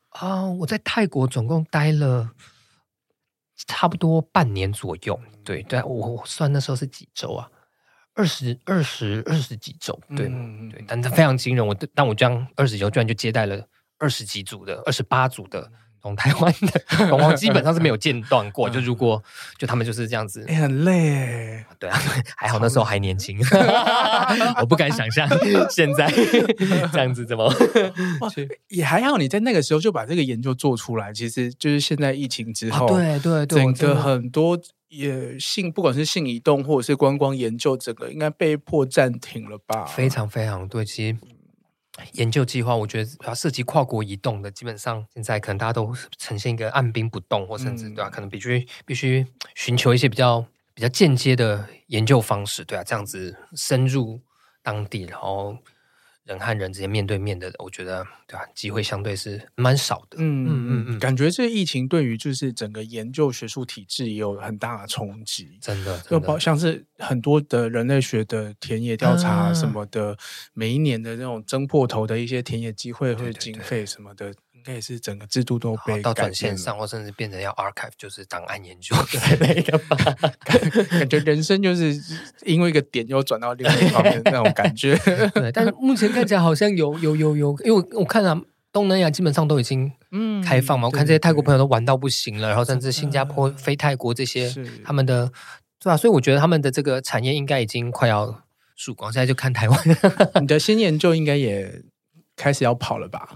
啊、呃，我在泰國總共待了差不多半年左右，對對，我算那時候是幾周啊？二十、二十二十幾周，對、嗯、對，但是非常驚人。我但我這樣二十幾周，居然就接待了。二十幾組的，二十八組的，從台灣的，基本上是沒有間斷過。 嗯、就如果就他們就是這樣子，欸、很累。對啊，還好那時候還年輕，我不敢想象現在這樣子怎麼。哇，是也還好，你在那個時候就把這個研究做出來。其實就是現在疫情之後，對對、啊、對，對對整個嗎很多也性，不管是性移動或者是觀光研究，整個應該被迫暫停了吧？非常非常對，其實。研究計劃，我覺得，它涉及跨國移動的，基本上現在可能大家都呈現一個按兵不動，或甚至對吧，啊？嗯，可能必須必須尋求一些比較比較間接的研究方式，對啊，這樣子深入當地，然後。人和人之間面對面的，我覺得對吧、啊？機會相對是蠻少的。嗯嗯嗯嗯，嗯嗯嗯感覺這疫情對於就是整個研究學術體制也有很大的衝擊。真的，就包像是很多的人類學的田野調查什麼的，啊、每一年的那種爭破頭的一些田野機會或者經費什麼的。對對對。那也是整個制度都被變了到轉線上，或甚至變成要 archive，就是檔案研究 對感、感覺人生就是因為一個點又轉到另外一方面那種感覺。 對，但是目前看起來好像有有有有，因為我、我看了，啊，東南亞基本上都已經嗯開放嘛，嗯，我看這些泰國朋友都玩到不行了，對對對，然後甚至新加坡飛、呃、泰國這些是他們的對啊，所以我覺得他們的這個產業應該已經快要曙光，現在就看台灣。 你的新研究應該也開始要跑了吧？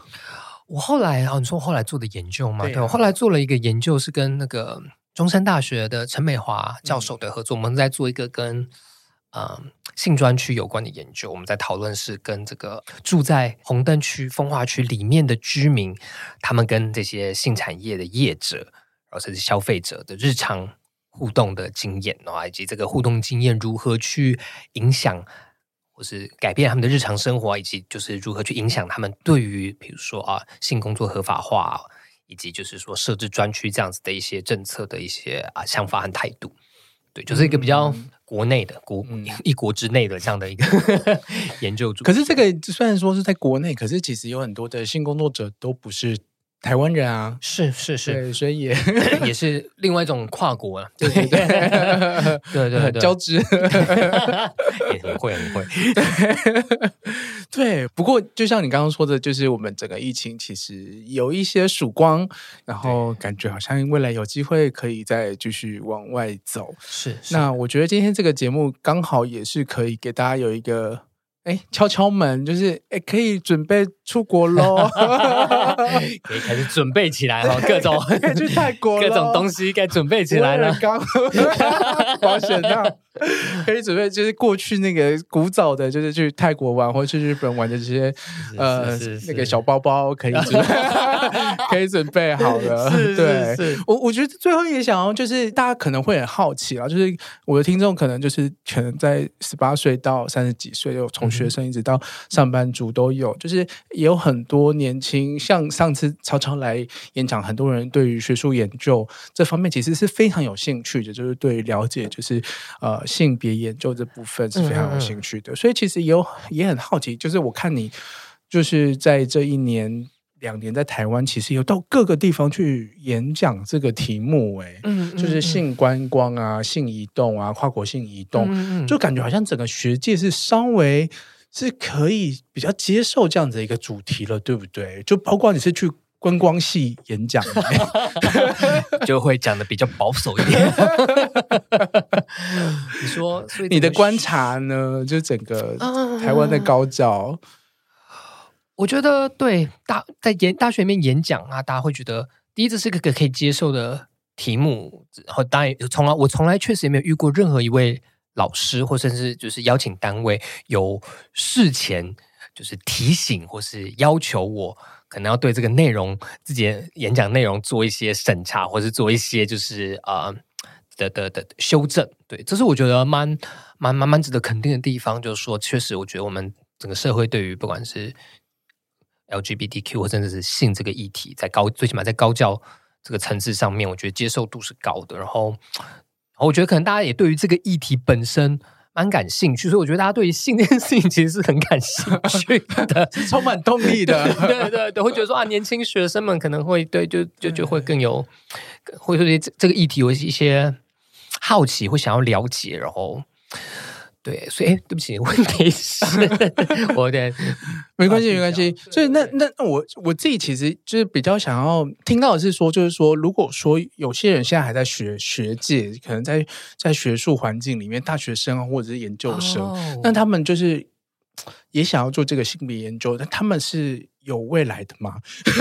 我後來啊、哦，你說我後來做的研究嘛？對，啊、對，我後來做了一個研究，是跟那個中山大學的陳美華教授的合作。嗯、我們在做一個跟啊、呃、性專區有關的研究。我們在討論是跟這個住在紅燈區、風化區裡面的居民，他們跟這些性產業的業者，然後甚至消費者的日常互動的經驗，然後以及這個互動經驗如何去影響。或是改變他們的日常生活，以及就是如何去影響他們對於，比如說啊，性工作合法化，啊，以及就是說設置專區這樣子的一些政策的一些啊想法和態度。對，就是一個比較國內的、嗯、國一國之內的這樣的一個研 究。可是這個雖然說是在國內，可是其實有很多的性工作者都不是。台灣人啊，是是是，所以也，也是另外一種跨國啊， 對對對對 對，對，對 交織 直， 對 也很會也會， 對。不過就像你剛剛說的，就是我們整個疫情其實有一些曙光，然後感覺好像未來有機會可以再繼續往外走。是，對那我覺得今天這個節目剛好也是可以給大家有一個，哎、欸，敲敲門，就是哎、欸，可以準備。出國嘍， 可以開始準備起來了，各種 去泰國，各種東西該準備起來了。我 保險那可以準備，就是過去那個古早的，就是去泰國玩或者去日本玩的這些是是是是是呃那個小包包，可以準備， 可以準備好了。對，我我覺得最後一個想要就是大家可能會很好奇啊，就是我的聽眾可能就是可能在十八歲到三十幾歲，有從學生一直到上班族都有，嗯、哼就是。也有很多年輕，像上次超超來演講，很多人對於學術研究這方面其實是非常有興趣的，就是對於了解，就是呃性別研究這部分是非常有興趣的。嗯嗯所以其實也有也很好奇，就是我看你就是在這一年兩年在台灣，其實有到各個地方去演講這個題目，欸，哎，嗯，嗯，嗯，就是性觀光啊、性移動啊、跨國性移動，嗯嗯就感覺好像整個學界是稍微。是可以比較接受這樣的一個主題了，對不對？就包括你是去觀光系演講 就會講的比較保守一點。你說，所以你的觀察呢，就整個台灣的高教，我覺得對大在演大學裡面演講啊，大家會覺得第一次是一個可以接受的題目，然後當然從來我從來確實也沒有遇過任何一位。老師或甚至就是邀請單位有事前就是提醒或是要求我，可能要對這個內容自己演講內容做一些審查，或是做一些就是呃的的的修正。對，這是我覺得蠻蠻蠻蠻值得肯定的地方。就是說，確實我覺得我們整個社會對於不管是 LGBTQ 或甚至是性這個議題，在高最起碼在高教這個層次上面，我覺得接受度是高的。然後。我覺得可能大家也對於這個議題本身蠻感興趣，所以我覺得大家對於性這件事情其實是很感興趣的， 是充滿動力的 對。對對對，會覺得說，啊，年輕學生們可能會對就就就會更有，會對這這個議題有一些好奇，會想要了解，然後。對，所以誒對不起，問題 是我的，沒關係，沒關係。所以對那那那我我自己其實就是比較想要聽到的是說，就是說，如果說有些人現在還在學學界，可能在在學術環境裡面，大學生、啊、或者是研究生，哦、那他們就是也想要做這個性別研究，但他們是。有未來的嗎？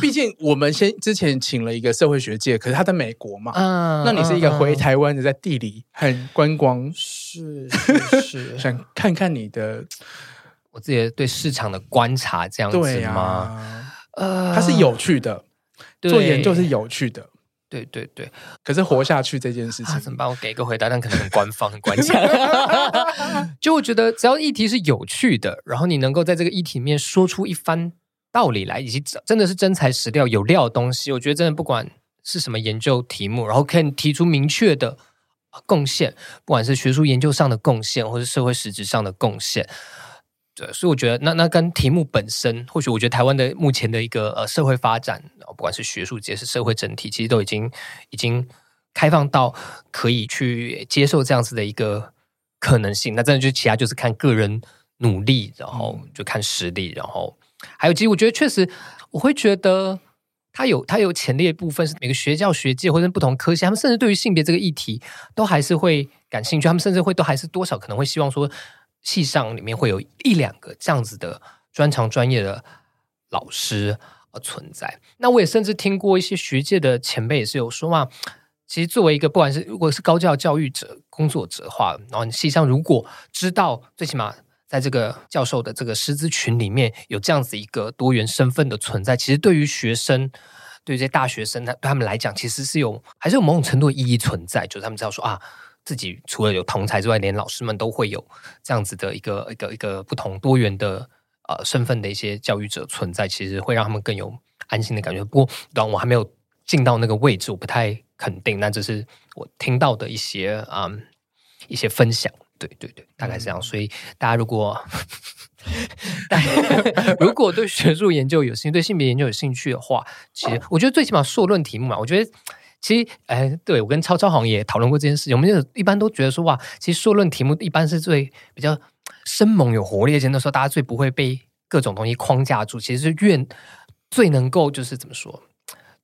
畢竟我們先之前請了一個社會學界，可是他在美國嘛。嗯、那你是一個回台灣的，在地理很觀光是是、是 想看看你的，我自己對市場的觀察這樣子對、啊、嗎？呃、嗯，它是有趣的，做研究是有趣的。對對對，可是活下去這件事情，啊啊，怎麼辦？我給一個回答，但可能很官方， 很官腔。 就我覺得，只要議題是有趣的，然後你能夠在這個議題面說出一番道理來，以及真的是真材實料、有料的東西，我覺得真的不管是什麼研究題目，然後可以提出明確的貢獻，不管是學術研究上的貢獻，或是社會實質上的貢獻。對，所以我覺得那，那那跟題目本身，或許我覺得台灣的目前的一個呃社會發展，然後不管是學術界，是社會整體，其實都已經已經開放到可以去接受這樣子的一個可能性。那真的就其他就是看個人努力，然後就看實力，嗯、然後還有其實我覺得確實，我會覺得他有他有潛力的部分是每個學教學界或者是不同科系，他們甚至對於性別這個議題都還是會感興趣，他們甚至會都還是多少可能會希望說。系上裡面會有一兩個這樣子的專長專業的老師存在。那我也甚至聽過一些學界的前輩也是有說嘛，其實作為一個不管是如果是高教教育者工作者的話，然後你系上如果知道最起碼在這個教授的這個師資群裡面有這樣子一個多元身份的存在，其實對於學生，對於這些大學生，對他們來講，其實是有還是有某種程度意義存在，就是他們知道說啊。自己除了有同才之外，連老師們都會有這樣子的一個一個一個不同多元的呃身份的一些教育者存在，其實會讓他們更有安心的感覺。不過，當然我還沒有進到那個位置，我不太肯定。那這是我聽到的一些嗯一些分享，對對對，對，大概是這樣。嗯、所以大家如果大家 如果對學術研究有興趣，對性別研究有興趣的話，其實我覺得最起碼碩論題目嘛，我覺得。其實，哎，對我跟超超好像也討論過這件事情。我們就一般都覺得說，哇，其實碩論題目一般是最比較生猛、有活力。前那時候，大家最不會被各種東西框架住。其實是願最能夠就是怎麼說，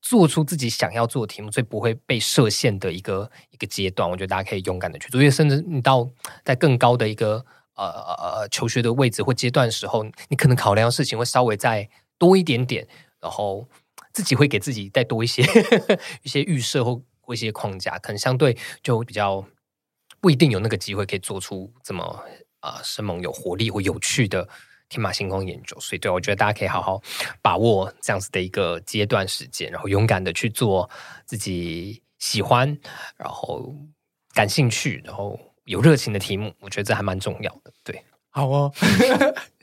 做出自己想要做的題目，最不會被設限的一個一個階段。我覺得大家可以勇敢的去做。因為甚至你到在更高的一個呃呃呃求學的位置或階段的時候，你可能考量的事情會稍微再多一點點。然後。自己會給自己再多一些 一些預設或一些框架，可能相對就比較不一定有那個機會可以做出這麼啊生猛、呃、有活力或有趣的天馬行空研究。所以對、啊，對我覺得大家可以好好把握這樣子的一個階段時間，然後勇敢地去做自己喜歡、然後感興趣、然後有熱情的題目。我覺得這還蠻重要的。對，好哦。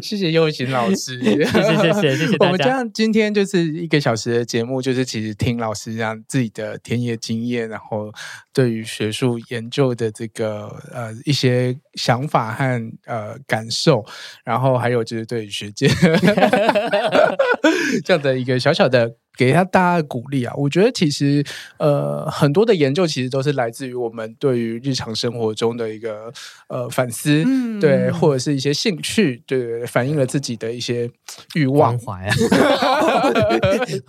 謝謝又欣老師， 是是是是，謝謝謝謝 我們這樣今天就是一個小時的節目，就是其實聽老師這樣自己的田野經驗，然後對於學術研究的這個呃一些想法和呃感受，然後還有就是對於學界 這樣的一個小小的給他大家鼓勵啊。我覺得其實呃很多的研究其實都是來自於我們對於日常生活中的一個呃反思，嗯、對，或者是一些興趣對。對，反映了自己的一些慾望，關懷、啊、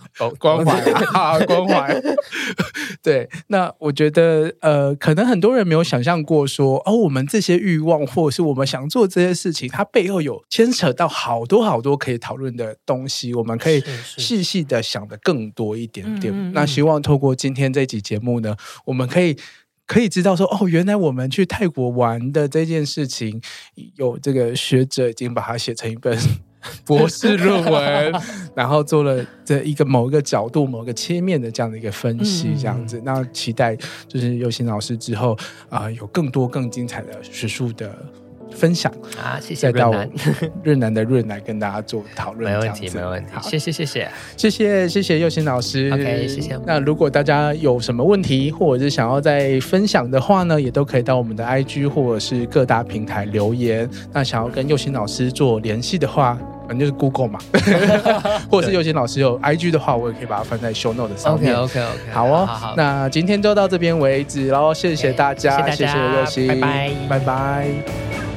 哦，關懷啊，啊關懷。 對，那我覺得，呃，可能很多人沒有想象過說，說哦，我們這些慾望，或是我們想做這些事情，它背後有牽扯到好多好多可以討論的東西，我們可以細細的想的更多一點點。是是。那希望透過今天這集節目呢，我們可以。可以知道說，哦，原來我們去泰國玩的這件事情，有這個學者已經把它寫成一本博士論文， 然後做了這一個某一個角度、某一個切面的這樣的一個分析，這樣子。嗯嗯，那期待就是又欣老師之後啊、呃，有更多更精彩的學術的。分享啊，謝謝。到潤男的潤來跟大家做討論，沒問題，沒問題，謝謝，謝謝，謝謝，謝謝又欣老師。OK，謝謝。那如果大家有什麼問題，或者是想要再分享的話呢，也都可以到我們的 IG 或者是各大平台留言。那想要跟又欣老師做聯繫的話，反正就是 Google 嘛，或者是又欣老師有 IG 的話，我也可以把它放在 Show Note 上面。OK，OK，OK，好哦，好。那今天就到這邊為止嘍，謝謝大家，謝謝又欣，拜拜。